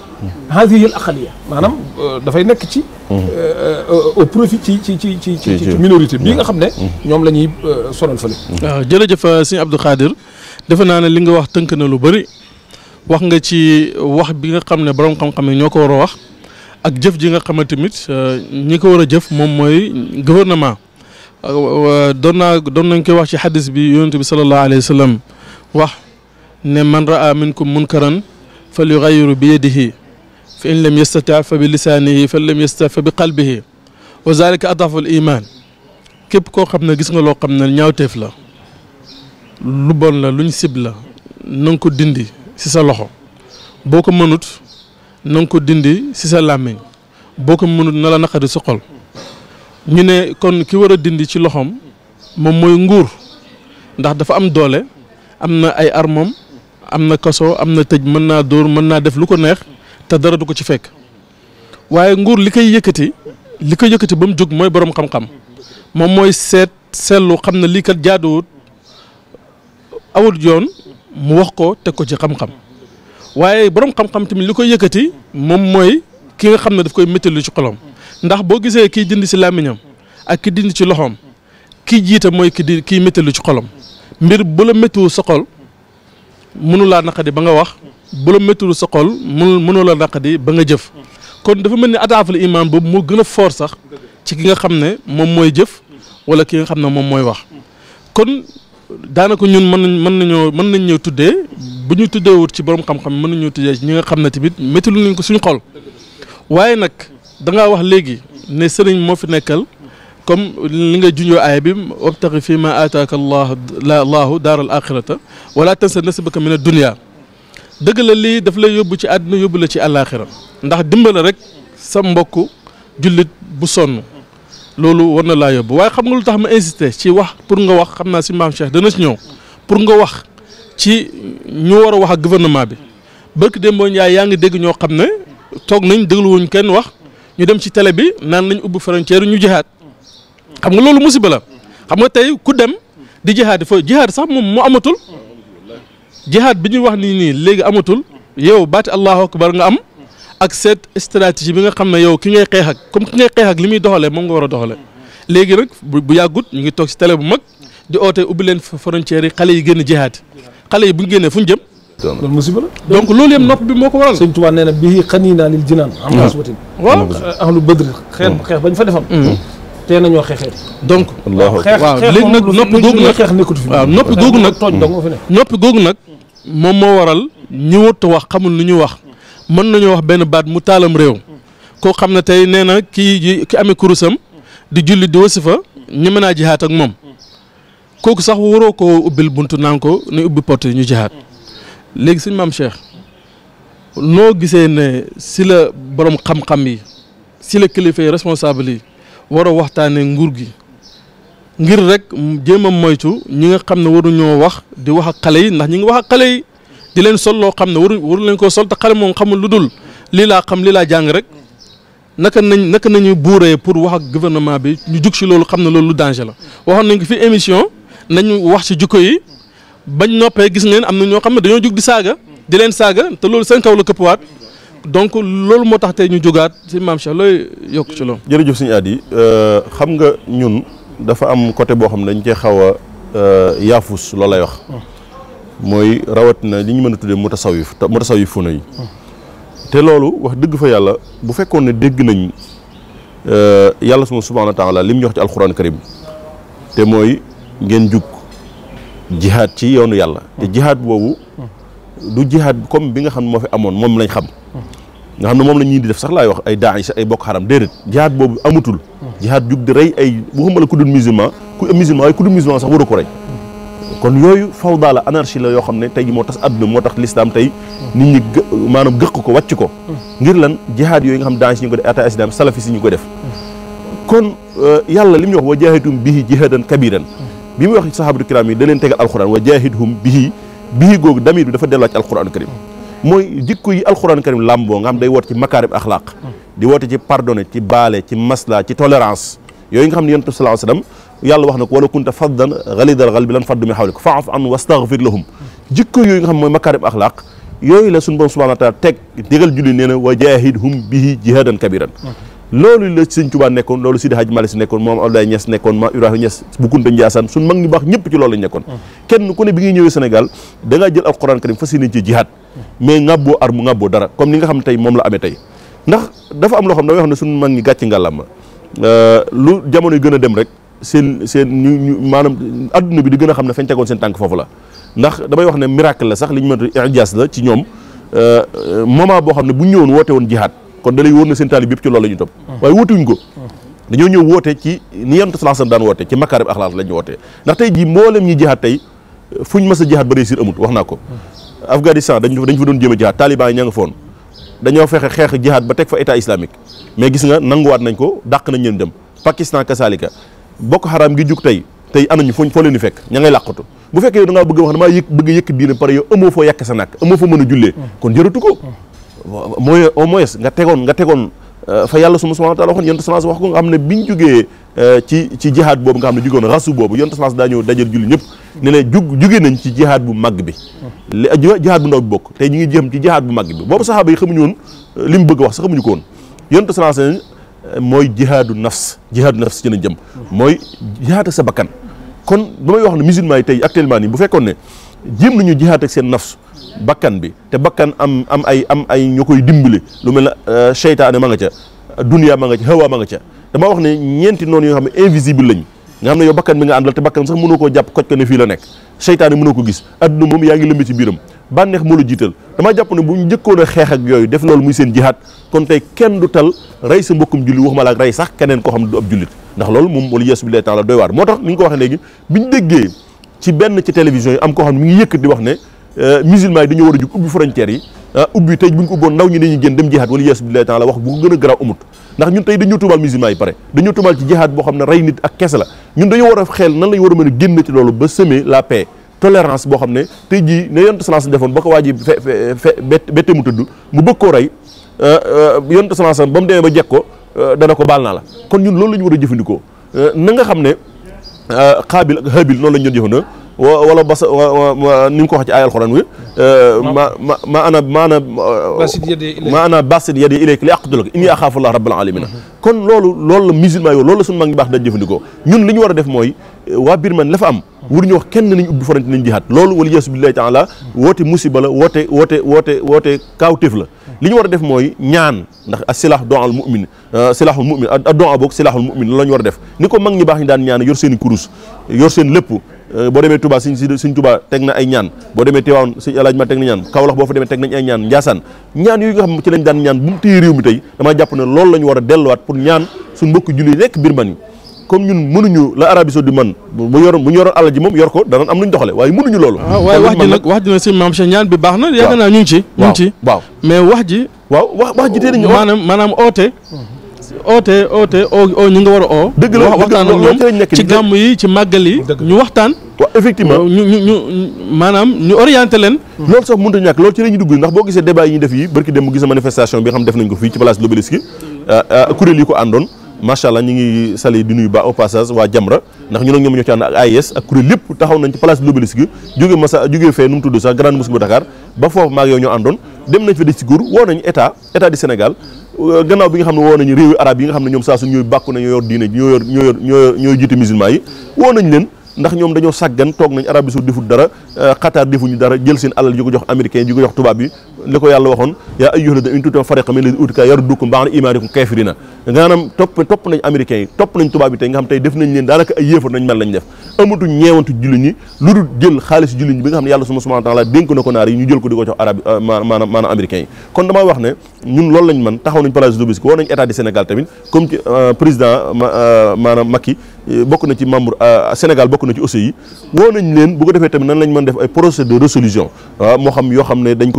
hadihi al aqaliya maanaam euh, dafay nekk ci euh, euh, au profit ci ci ci ci minorité bii nga xam ne ñoom la ñuy sonal fële waaw jërëjëf defe naa ne li nga wax tënk na lu bëri wax nga ci wax bi nga xam ne borom xam-xam ñoo ko war a wax ak jëf ji nga xam ne tamit ñi ko war a jëf moom mooy gouvernement doon naa doon nañ koy wax ci xadis bi yonent bi sallallahu alayhi wa sallam wax ne man raa minkum munkaran fal yugayiru bi yadihi fa in lam yastati fa bi lisaanihi fa in lam yastati fa bi qalbihi wa zalika adaful iman képp koo xam ne gis nga loo xam ne ñaawteef la lu bon la luñ sib la na ko dindi ci sa loxo boo ko mënut na ko dindi ci sa làmmiñ boo ko mënut na la naqari sa xol ñu ne kon ki war a dindi ci loxoom moom mooy nguur ndax dafa am doole am na ay armoom am na kaso am na tëj mën naa dóor mën naa def lu ko neex te dara du ko ci fekk waaye nguur li koy yëkkati li koy yëkkati ba mu jóg mooy boroom xam-xam moom mooy seet seetlu xam na lii kat jaaduwut awut joon mu wax ko teg ko ci xam-xam waaye boroom xam-xam tamit li koy yëkkati moom mooy ki nga xam ne daf koy méttalu ci xolam ndax boo gisee kiy dindi si làmmiñam ak ki dindi ci loxoom ki jiite mooy ki di kiy méttalu ci xolom mbir bu la méttiwul sa xol mënu laa naqadi ba nga wax bu la sa xol mënu mënu laa naqadi ba nga jëf kon dafa mel ni ataaful imaan boobu moo gën a fort sax ci ki nga xam ne moom mooy jëf wala ki nga xam ne moom mooy wax kon daanaka ñun mën nañ mën nañoo mën nañ ñëw tuddee bu ñu tuddee wut ci borom xam-xam mën nañoo tuddee ñi nga xam ne tamit méttiwul nañ ko suñ xol waaye nag da wax léegi ne sëriñ moo fi nekkal comme li nga junjoo aaya bi wabtaxi fi ma aataaka allah llahu daaral axirata wala tansa nasibaka min ad-dunya dëgg la lii daf lay yóbbu ci àdduna yóbbu la ci àllaaxira ndax dimbala rek sa mbokk jullit bu sonn loolu war na laa yóbbu waaye xam nga lu tax ma insisté ci wax pour nga wax xam naa si maam Cheikh dana si ñëw pour nga wax ci ñu war a wax ak gouvernement bi bëkk démboo Njaay yaa ngi dégg ñoo xam ne toog nañ dégluwuñ kenn wax ñu dem ci télé bi naan nañ ubbi frontière ñu jihaat xam nga loolu musiba la xam nga tey ku dem di jihaad foofu jihaad sax moom moo amatul jihaad bi ñuy wax nii nii léegi amatul yow baati allahu akbar nga am ak seet stratégie bi nga xam ne yow ki ngay xeex ak comme ki ngay xeex ak li muy doxalee moom nga war a doxalee léegi nag bu yàggut ñu ngi toog si télé bu mag di oote ubbi leen frontières yi xale yi génn jihaad xale yi bu ñu génnee fu ñu jëm. loolu musiba la donc loolu yëpp nopp bi moo ko waral. sëñ Tuubaa nee na bii xanii naa lil jinaan am na suwatin ahlu Badr xeex bañ fa defam tee nañoo xeexee. donc waaw léegi nag noppi googu nag noppi googu nag tooñ dong fi ne. noppi nag moom moo waral ñëwut wax xamul lu ñu wax mën nañoo wax benn baat mu taalam réew. koo xam ne tey nee na kii ki amee kurusam di julli di wasifa ñeme naa jihaat ak moom kooku sax waroo ko ubbil buntu naan ko ni ubbi porte ñu jihaat léegi si maam Cheikh noo gisee ne si la borom xam-xam yi si la kilifa yi responsable yi. war a waxtaanee nguur gi ngir rek jéem a moytu ñi nga xam ne waruñoo wax di wax ak xale yi ndax ñi ngi wax a xale yi di leen sol loo xam ne waru waru leen koo sol te xale moom xamul lu dul lii laa xam li laa jàng rek naka nañ naka nañu buuree pour wax ak gouvernement bi ñu jug si loolu xam ne loolu lu danger la. waxoon nañ ko fi émission nañu wax si jukko yi bañ noppee gis ngeen am na ñoo xam ne dañoo jug di saaga di leen saaga te loolu seen kaw la këppwaat donc loolu moo tax tey ñu jógaat si maam Cheikh looy yokk ci loolu. jërëjëf suñu aat yi euh, xam nga ñun dafa am côté boo xam ne dañ cee xaw a euh, yaafus loolay wax. Oh. mooy rawat na li ñu mën a tuddee mutasawif mutasawifuna yi oh. te loolu wax dëgg fa yàlla bu fekkoon ne dégg nañ euh, yàlla suma subhaana wa taala li mu jox ci alxuraan karim te mooy ngeen jug jihaad ci yoonu yàlla te oh. jihaad boobu du jihaad comme bi nga xam ne moo fi amoon moom lañ xam nga xam ne moom la ñuy di def sax laay wax ay daañ ay bokk xaram déedéet jihaad boobu amatul jihaad jug di rey ay waxuma la musulman musulman waaye ku musulman sax waru ko rey kon yooyu fawda la la yoo xam ne tey ji moo tax àdduna moo tax lislaam tey nit ñi maanaam gëq ko wàcc ko ngir lan jihaad yooyu nga xam daañ si ñu ko def ata islam salafi si ñu ko def kon euh, yàlla li mu wa bi muy wax sahabatu kiram yi da leen bii googu damir bi dafa delloo ci karim mooy jikko yi alquran karim làmboo nga day woote ci makaarib axlaaq di woote ci pardonné ci baale ci masla ci tolérance yooyu nga xam ne yonent bi sallallahu yàlla wax na ko wala kunta faddan ghalidal qalbi lan faddu min hawlik fa'fu an wastaghfir lahum jikko yooyu nga xam mooy makaarib axlaaq yooyu la suñu borom subhanahu wa taala teg digal julli nee na wa bihi jihadan kabiran loolu la sëñ Tuubaa nekkoon loolu Sidi Hadj Malick nekkoon moom Abdoulaye Niass nekkoon maam Ibrahima Niass bu Kunta Ndiassane suñ mag ñu baax ñëpp ci loolu lañ nekkoon mm. kenn ku ne bi ngay ñëwee Sénégal da ngaa jël alquran karim fas yéene ci jihaad mm. mais ngàbboo nga xam tey moom euh, jamono gën a dem rek seen seen ñu maanaam adduna bi di gën a xam ne fañ tegoon seen tànk foofu la ndax damay wax ne miracle la sax li ñu mën a ijaas la ci ñoom euh, euh, moment boo xam ne bu ñëwoon woote woon jihaad kon da lay wóor na seen taalib yëpp ci loolu la ñu topp waaye wóotuñ ko dañoo ñëw woote ci ni yonent sallallahu alayhi wasallam daan woote ci makaarib axlaaq la ñu wootee ndax tey jii mboolem ñi jihaat tey ba a jihaat taliban yi ña foon dañoo fexe xeex jihaat ba teg fa état islamique mais gis nga nanguwaat nañ ko dàq nañ leen dem Pakistan kasalika bokk xaraam gi jug tey tey anañu fooñ foo leen di fekk ña ngay bu fekkee yow bëgg wax yëkk bii ne pare yow amoo foo yàkk sa nàkk a jullee kon jëratu mooy au moins nga tegoon nga tegoon euh, fa yàlla suma subhanahu wa taala waxoon yonte salaas wax ko nga xam ne bi ñu jógee euh, ci ci boobu nga xam ne jógoon rasu boobu yonte salaas daa ñëw dajal julli ñëpp ne ne jug jóge nañ ci jihaad bu mag bi li jihaad bu bokk tey ñu ngi jëm ci jihaad bu mag bi boobu saxaaba yi xamuñu woon euh, li mu bëgg wax sax xamuñu ko woon yonte salaas ne mooy jihaadu nafs jihaadu nafs ci nañ jëm mooy jihaad sa bakkan kon ba may wax ne musulman yi tey actuellement nii bu fekkoon ne jéem nañu jihaat ak seen nafs bakkan bi te bakkan am ay am ay ñu koy dimbali lu mel ne euh, seytaane ma nga ca dunya ma nga ca hawa ma nga ca dama wax ne ñeenti noonu yoo xam ne invisible lañ nga xam ne yow bakkan bi nga àndal te bakkan sax mënoo koo jàpp koj ko ne fii la nekk seytaane mënoo ko gis adduna moom yaa ngi lëmbe ci biiram bànneex moo la jiital damaa jàpp ne bu ñu njëkkoon a xeex yooyu def loolu muy seen jihaat kon tey kenn du tal rey sa mbokkum jullit waxuma la ak rey sax keneen koo xam ne du ab jullit ndax moom wala yeesu bi lay taala doy moo tax ni nga ko waxee léegi biñ déggee ci benn ci télévision yi am koo xam ne mi ngi yëkkat di wax ne euh, musulman yi dañoo war a jug ubbi frontières yi ah, ubbi tey bu ñu ko ubboon ndaw ñi dañuy génn dem jihaad wala yeesu billahi taala wax bu ko gën a garaaw amut ndax ñun tey dañoo tuumaal musulman yi pare dañoo tuumaal ci jihaad boo xam ne rey nit ak kese la ñun dañoo war a xeel nan lañ war a mën a génn ci loolu ba semer la paix tolérance boo xam ne tey jii ne yonent sallallahu alayhi wasallam defoon ba ko waa ji fe fe euh, euh, ba mu demee ko dana ko baal naa la kon ñun loolu la ñu a jëfandikoo na nga xam ne Euh, xaabil ak habil noonu lañ doon jëfandoo wala basa ko euh, ma ma ma ana maana euh, ma ana basit yadi ilayk li aqtulaka inni axaafullah rabbal alamina mm-hmm. kon loolu loolu la musulman yow loolu la suñu mag ñi baax dañ jëfandikoo ñun li ñu war a def mooy waa Birman la fa am mm-hmm. wur ñu wax kenn nañ ubbi forante nañ jihaat loolu wala yeesu billahi taala woote musiba la woote woote woote woote kaawteef la li ñu war a def mooy ñaan ndax a silaax don al mumin euh, silaaxul mumin a don boog silaaxul mumin loolu la ñu war a def ni ko mag ñi baax ñi daan ñaan yor seen i kurus yor seen lépp euh, boo demee Touba suñ suñ Touba teg na ay ñaan boo demee Tiwaawan suñ alaaj ma teg na ñaan Kaolack boo fa demee teg nañ ay ñaan Njaasaan ñaan yooyu nga xam ci lañ daan ñaan bu mu téye réew mi tey damaa jàpp ne loolu la ñu war a delluwaat pour ñaan suñ mbokk julli rekk birman yi comme ñun mënuñu la Arabie Saoudite man bu yoroon bu ñu yoroon alal ji moom yor ko danañ am nuñ doxale waaye mënuñu loolu ah, waaye wax ji nag wax ji nag wax ji waaw wax wax ji tee nañu maanaam maanaam oote oote oote oo ñu nga war a oo dëgg la waxtaan ak ñoom ci gàmm yi ci màggal yi ñu waxtaan effectivement ñu ñu ñu maanaam ñu orienté leen loolu sax mënut ci la ñuy dugg ndax boo gisee débat yi ñu def yi barki dem mu gis manifestation bi nga xam def nañ ko fii ci place de l'Obélisque ah, ah, kuréel yi ko àndoon macha allah ñu ngi sali di nuyu ba au passage waa Jamra ndax ñu nag ñoom ñoo ci ak AIS ak kuréel lépp taxaw nañ ci place de gi jógee Massa jógee fee nu mu tudd sax grande mosquée bu Dakar ba foofu maag yow ñoo àndoon dem nañ fa di si góor woo nañ état état du Sénégal euh, gannaaw bi nga xam ne woo nañu réewi arab yi nga xam ne ñoom saa su ñooy bàkku na ñoo yor diine ñoo yor ñoo jiite musulman yi woo nañ leen ndax ñoom dañoo sàggan toog nañ Arabie Saoudite deful dara euh, dara jël seen alal yu ko jox américain yu ko bi li ko yàlla waxoon yaa ayyuhal lazina in tuti'u fariiqam minal lazina uutul kitaaba yarudduukum ba'da iimaanikum kaafiriina maanaam topp topp nañ américains yi topp tubaab yi tey nga xam tey def nañ leen daanaka ay yéefar nañ mel lañ def amatu ñeewantu julli ñi lu dul jël xaalis julli ñi bi nga xam ne yàlla subhaanahu wa taala dénk na ko naar yi ñu jël ko di ko jox arab euh, maanaam maanaam yi kon damay wax ne ñun loolu lañ man taxaw nañ place de l'Obélisque woo nañ état du Sénégal tamit comme ci euh, président euh, maanaam Macky bokk na ci membre Sénégal bokk na ci OCI yi woo nañ leen ko defee tamit nan lañ mën def ay procès de résolution waaw ne dañ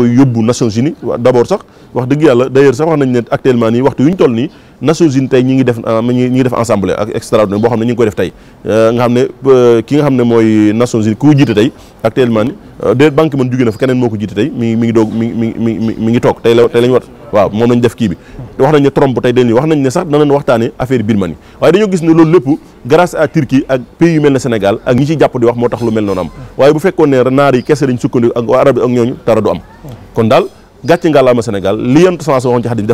Nations Unies d'abord sax wax dëgg yàlla d'ailleurs sax wax nañ ne actuellement nii waxtu yu ñu toll nii Nations Unies tey ñi ngi def ah, ñi ngi def assemblée ak extraordinaire boo xam ne ñu ngi koy def tey euh, nga xam ne euh, ki nga xam ne mooy Nations Unies ku jiite tey actuellement nii Euh, déet banque man jóge na fa keneen moo ko jiite tey mi ngi doog mi ngi toog tey la tey la wat waaw moom nañ def kii bi wax nañ ne Trump tey dañuy wax nañ ne sax danañ waxtaane affaire Birmanie waaye dañoo gis ne loolu lépp grâce à Turquie ak pays yu mel ne Sénégal ak ñi ci jàpp di wax moo tax lu mel noonu am waaye bu fekkoon ne naar yi kese lañ sukkandiku ak arab ak ñooñu dara du am kon daal gàcce ngàllaama Sénégal li yenn sens waxoon ci xadis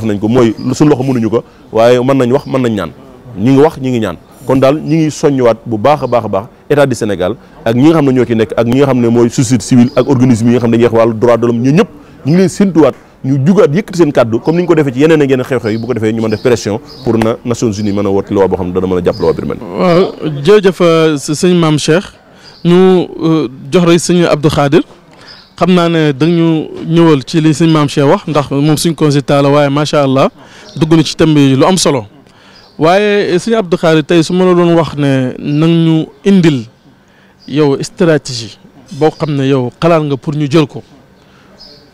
kon daal ñi ngi waat bu baax a baax a baax état du Sénégal ak ñi nga xam ne ñoo ci nekk ak ñi nga xam ne mooy société civile ak organisme yi nga xam ne dañuy wax wàllu droit de ñu ngi leen ñu jugaat yëkkati seen kàddu comme ni ñu ko defee ci yeneen ak yeneen xew-xew yi bu ko defee ñu mën def pression pour na Nations Unies mën a woot loi boo xam ne a jàppale euh, sëñ Maam Cheikh ñu euh, jox rek sëñ Abdou Khadir xam naa ne dañu ñëwal ci li sëñ Maam Cheikh wax ndax moom suñ consultant la waaye macha allah dugg na ci thème bi lu am solo waaye sëñ Abdou Khari tey su ma la doon wax ne nag ñu indil yow stratégie boo xam ne yow xalaat nga pour ñu jël ko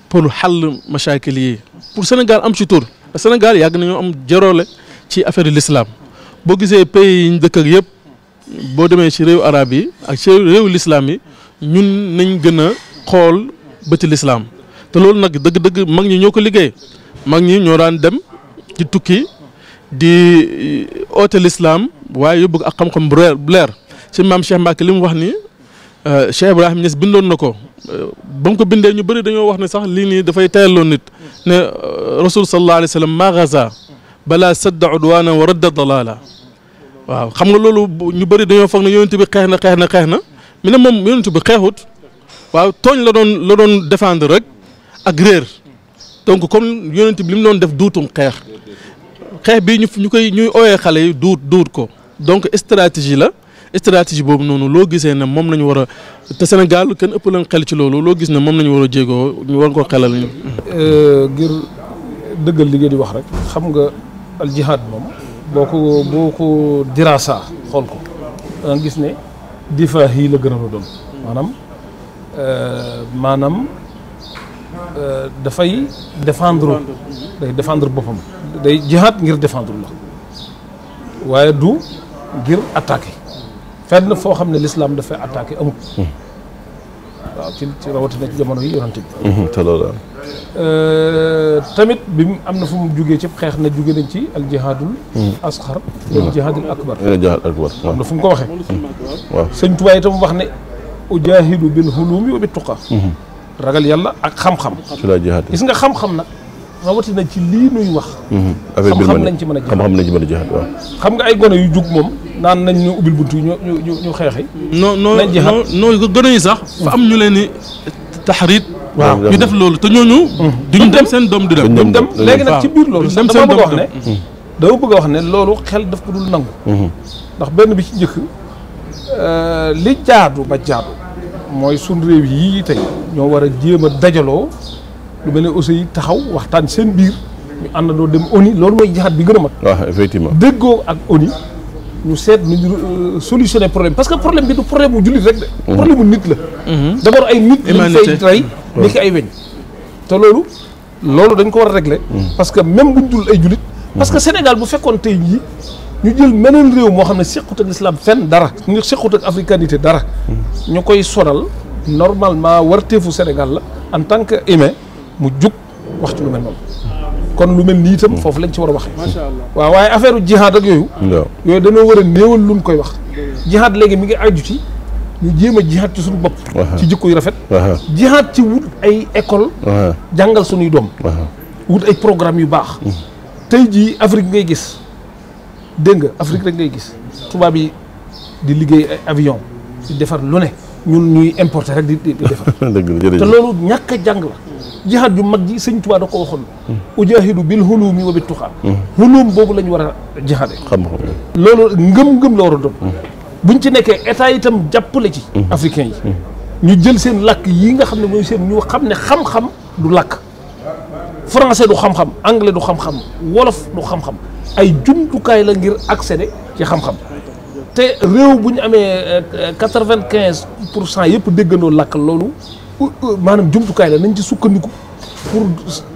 pour xàll machaakil yi pour Sénégal am ci tur Sénégal yàgg nañoo am jëroole ci affaire lislaam boo gisee pays yi ñu dëkk ak yëpp boo demee ci réew araab yi ak ci réew l'islam yi ñun nañ gën a xool bëti lislaam te loolu nag dëgg-dëgg mag ñi ñoo ko liggéey mag ñi ñoo daan dem ci tukki. di euh, oote lislaam waaye yóbbu ak xam-xam bu leer bu leer ci maam Cheikh Mbacke li mu wax ni euh, Cheikh Ibrahim Niass bindoon na ko euh, ba mu ko bindee ñu bëri dañoo wax ne sax lii nii dafay tayalloo nit ne rasul sallallahu alayhi wa sallam balaa sadda udwaana wa radda dalaala waaw xam nga loolu ñu bëri dañoo foog ne yonent bi xeex na xeex na xeex na mi ne moom yonent bi xeexut waaw tooñ la doon la doon défendre rek ak réer donc comme yonent bi li doon def duutum xeex xeex bii ñu ñu koy ñuy ooyee xale yi duut duut ko donc stratégie la stratégie boobu noonu loo gisee ne moom la ñu war a te Sénégal kenn ëpp lañ xel ci loolu loo gis ne moom nañu ñu war a jéegoo ñu war koo xelal ñu. Euh, ngir dëggal liggéey di wax rek. xam nga al jihad moom. boo ko boo dirasa xool ko da nga gis ne difaa la gën a doon. maanaam euh, maanaam euh, dafay défendre. day boppam. day jihaad ngir défendre la waaye du ngir attaqué fenn foo xam ne l'islam dafay attaqué amut waaw ci ci rawatina ci jamono yi yonante bi mhm, te loolu euh, tamit bi mu am na fu mu jugee ci xeex na jugee nañ ci al jihaadul mhm. asxar wal jihaadul akbar am na fu mu ko waxee waaw sëñ Tuubaa wax ne ujaahidu bil hulumi wa bit tuqa mhm. ragal yàlla ak xam-xam ci la jihaad gis nga xam-xam nag rawatina ci lii nuy wax. Mhm. affaire xam-xam lañ ci mën xam-xam lañ mën a joxe waaw. xam nga ay gone yu jug moom naan nañ ñu ubbil buntu ñu ñu ñu xeexi. non non non gone yi sax. fa am ñu leen ni taxarit. waaw ñu def loolu te ñooñu. Mhm. duñ dem seen doom du dem duñ dem léegi nag ci biir loolu. duñ dem seen doom du dem mhm. dama bëgg a wax ne loolu xel daf ko dul nangu. ndax benn bi ci njëkk euh, li jaadu ba jaadu mooy suñ réew yii tey ñoo war a jéem a dajaloo lu mel aussi yi taxaw waxtaan seen biir ñu àndandoo dem ONU loolu mooy jaxaat bi gën a mag. waaw effectivement déggoo ak ONU ñu seet ñu euh, solutionner problème parce que problème bi du problème bu jullit rek de. Mhm. problème bu nit la. Mhm. d' abord ay nit. humanité ñu fay rey mhm. ni ki ay weñ. te loolu loolu dañ ko war a régler. parce que même buñ dul ay jullit. parce que Sénégal bu fekkoon tey jii ñu jël meneen réew moo xam ne sequt ak islam fenn dara ñu sequt ak africanité dara. ñu koy sonal normalement warteefu Sénégal en tant que humain. mu jug wax ci lu mel noonu kon lu mel nii itam hmm. foofu lañ ci war a waxee waaw waaye affaire jihaad ak yooyu yooyu dañoo war a néewal luñ koy wax jihaad léegi mi ngi aju ci ñu jéem a jihaad ci suñu bopp ci jikko yu rafet jihaad ci wut ay école jàngal suñuy doom wut ay programme yu baax hmm. tey jii Afrique ngay gis dégg nga Afrique rek ngay gis tubaab yi di liggéey ay avion di defar lu ne ñun ñuy importer rek di defar te loolu ñàkk a jàng la jihaad ju mag ji sëñ Tuubaa da ko waxoon ujaahidu bil hulumi wa bit tuqaa hulum boobu la ñu war a jihaade loolu ngëm-ngëm la war a doon ñu ci nekkee état itam jàppale ci mm-hmm. africain yi mm-hmm. ñu jël seen lakk yi nga xam ne mooy seen ñu xam ne xam-xam du lakk français du xam-xam anglais du xam-xam wolof du xam-xam ay jumtukaay la ngir accéder ci xam-xam te réew bu ñu amee euh, quatre-vingt-quinze pour cent yëpp déggandoo làkk loolu maanaam jumtukaay la nañ ci sukkandiku pour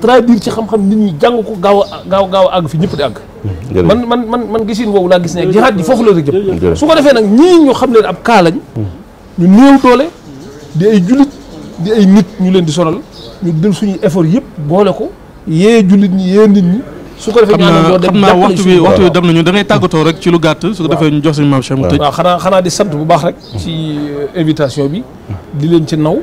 traduire ci xam-xam nit ñi jàng ko gaaw a gaaw gaaw a àgg fi ñëpp di àgg man man man man gisin woowu laa gis ne jihaat ji foofu la rek jëm su ko defee nag ñii ñu xam leen ab kaa lañ ñu néew doole di ay jullit di nit ñu leen di sonal ñu dël suñuy effort yëpp boole ko yee jullit ñi yee nit ñi su ko defee ñu dem xam naa waxtu bi waxtu bi dem nañu da ngay tàggatoo rek ci lu gàtt su ko defee ñu jox suñu maam Cheikh mu tëj waaw xanaa xanaa di sant bu baax rek ci euh, invitation bi di leen ci naw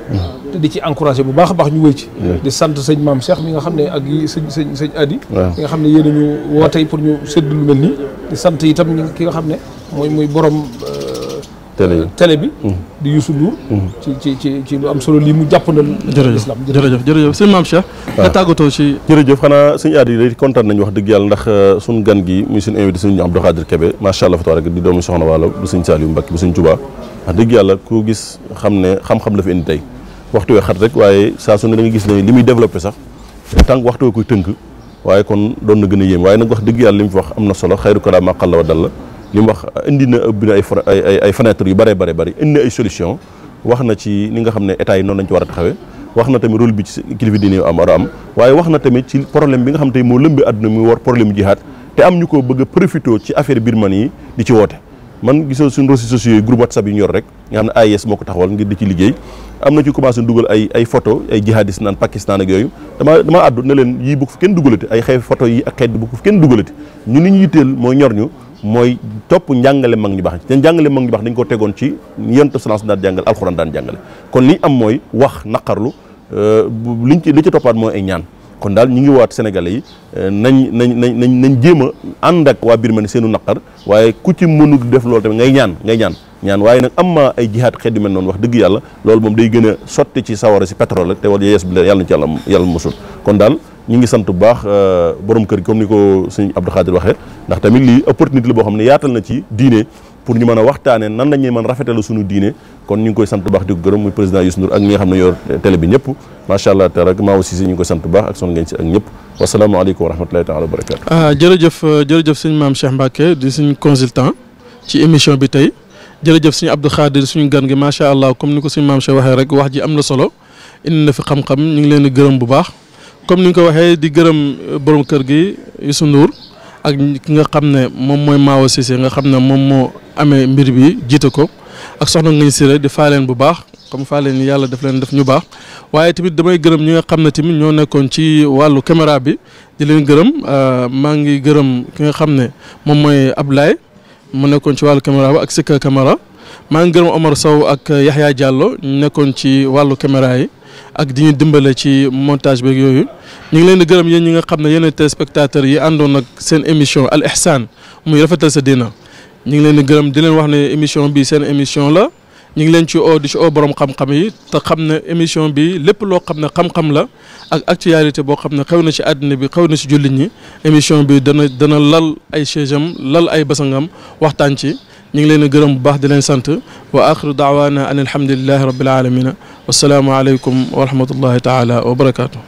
te di ci encouragé bu baax a baax ñu wëy ci di sant sëñ maam Cheikh mi nga xam ne ak sëñ sëñ sëñ Adi mi nga xam ne yéen a ñu woo tey pour ñu sédd lu mel nii di sant itam ki nga xam ne mooy mooy borom euh, tele bi mm. di Youssou Ndour mm. ci ci ci ci lu am solo lii mu jàpp na islam jërëjëf jërëjëf sëñ maam Cheikh nga tàggatoo ci jërëjëf xanaa sëñ Adi day kontaan nañu wax dëgg yàlla ndax euh, suñ gan gi muy suñ invité suñ Abdou Khadir Kébé macha allah fatabarak di doomi soxna wàlla bu sëñ Saliou Mbacké bu sëñ Touba wax dëgg yàlla koo gis xam ne xam-xam la fi indi tey waxtu wee xat rek waaye saa su ne da gis ne li muy développé sax tànk waxtu wee koy tënk waaye kon doon na gën a yéem waaye nag wax dëgg yàlla li mu fi wax am na solo xayru kalaa maa qalla wa la li mu wax indi na ubbi ay ay yu bare bare bëri indi ay solution wax na ci ni nga xam ne état yi noonu lañ ci war a taxawee wax na tamit rôle bi ci kilifa diine am war a am waaye wax na tamit ci problème bi nga xam te moo lëmbi àdduna muy war problème jihaad te am ñu bëgg a profité ci affaire birmanie yi di ci woote man gisoo suñu réseaux sociaux yi groupe whatsapp rek nga xam ne AIS moo ko taxawal ngir di ci liggéey am na ci commencé dugal ay ay photo ay jihadis naan Pakistan ak yooyu dama dama àddu ne leen yii bu kenn dugalati ay xeet photo yi ak xeet bu ko fi kenn dugalati ñu ni ñu yitteel mooy ñor ñu mooy topp njàngale mag ñu baax te njàngale mag ñu baax dañ ko tegoon ci yonent sallallahu daan jàngal alxuraan daan jàngale kon li am mooy wax naqarlu euh, liñ ci li ci toppaat mooy ay ñaan kon daal ñu ngi waat sénégalais yi euh, nañ nañ nañ nañ jéem a ànd ak waa Birmanie seenu naqar waaye ku ci mënul def loolu tamit ngay ñaan ngay ñaan ñaan waaye nag am ma ay jihaat xeet yu mel noonu wax dëgg yàlla loolu moom day gën a sotti ci sawara si pétrole te wala yees bi la yàlla na ci yàlla yàlla mosul kon daal ñu ngi sant bu baax euh, borom kër gi ni ko sëñ Abdou Khadir waxee ndax tamit lii opportunité la boo xam ne yaatal na ci diine pour ñu mën a waxtaane nan la man mën rafetal suñu diine kon ñu ngi koy sant baax di ko gërëm muy président Youssou Ndour ak ñi nga xam ne yor télé bi ñëpp macha allah taala ak ñu ngi koy sant bu baax ak son ngeen si ak ñëpp wasalaamaaleykum wa rahmatulahi taala wa ah, jërëjëf euh, jërëjëf suñu maam Cheikh Mbacke di suñu consultant ci émission bi tey jërëjëf suñu Abdou Khadir suñu gan gi macha allah comme ni ko suñu maam Cheikh waxee rek wax ji am na solo indi na fi xam-xam ngi leen di gërëm bu baax comme ni nga ko waxee di gërëm euh, borom kër gi Youssou ak ki nga xam ne moom mooy Mawo Cissé nga xam ne moom moo amee mbir bi jiite ko ak soxna Ngagne Sylla di leen bu baax comme faaleen yi yàlla def leen def ñu baax waaye tamit damay gërëm ñi nga xam ne tamit ñoo nekkoon ci wàllu caméra bi di leen gërëm euh, maa ngi gërëm ki nga xam ne moom mooy Ablaye mu nekkoon ci wàllu caméra bi ak Sika caméra maa ngi gërëm Omar Sow ak Yahya Diallo ñu nekkoon ci wàllu caméra yi ak di ñu dimbale ci montage beeg yooyu ñu ngi leen gërëm yéen ñi nga xam ne yeneen téléspectateurs yi àndoon nag seen émission Al Ihsan muy rafetal sa diina ñu ngi leen di gërëm di leen wax ne émission bi seen émission la ñu ngi leen ci oo di ci oo borom xam yi te xam ne émission bi lépp loo xam ne xam-xam la ak actualité boo xam ne xew na ci àddina bi xew na ci jullit ñi émission bi dana dana lal ay chaise lal ay basangam waxtaan ci ñu ngi leen di gërëm bu baax di leen sant wa axiru daawaana an alhamdulilahi rabbil alamina wassalaamu aleykum wa rahmatullahi taala wa barakaatu.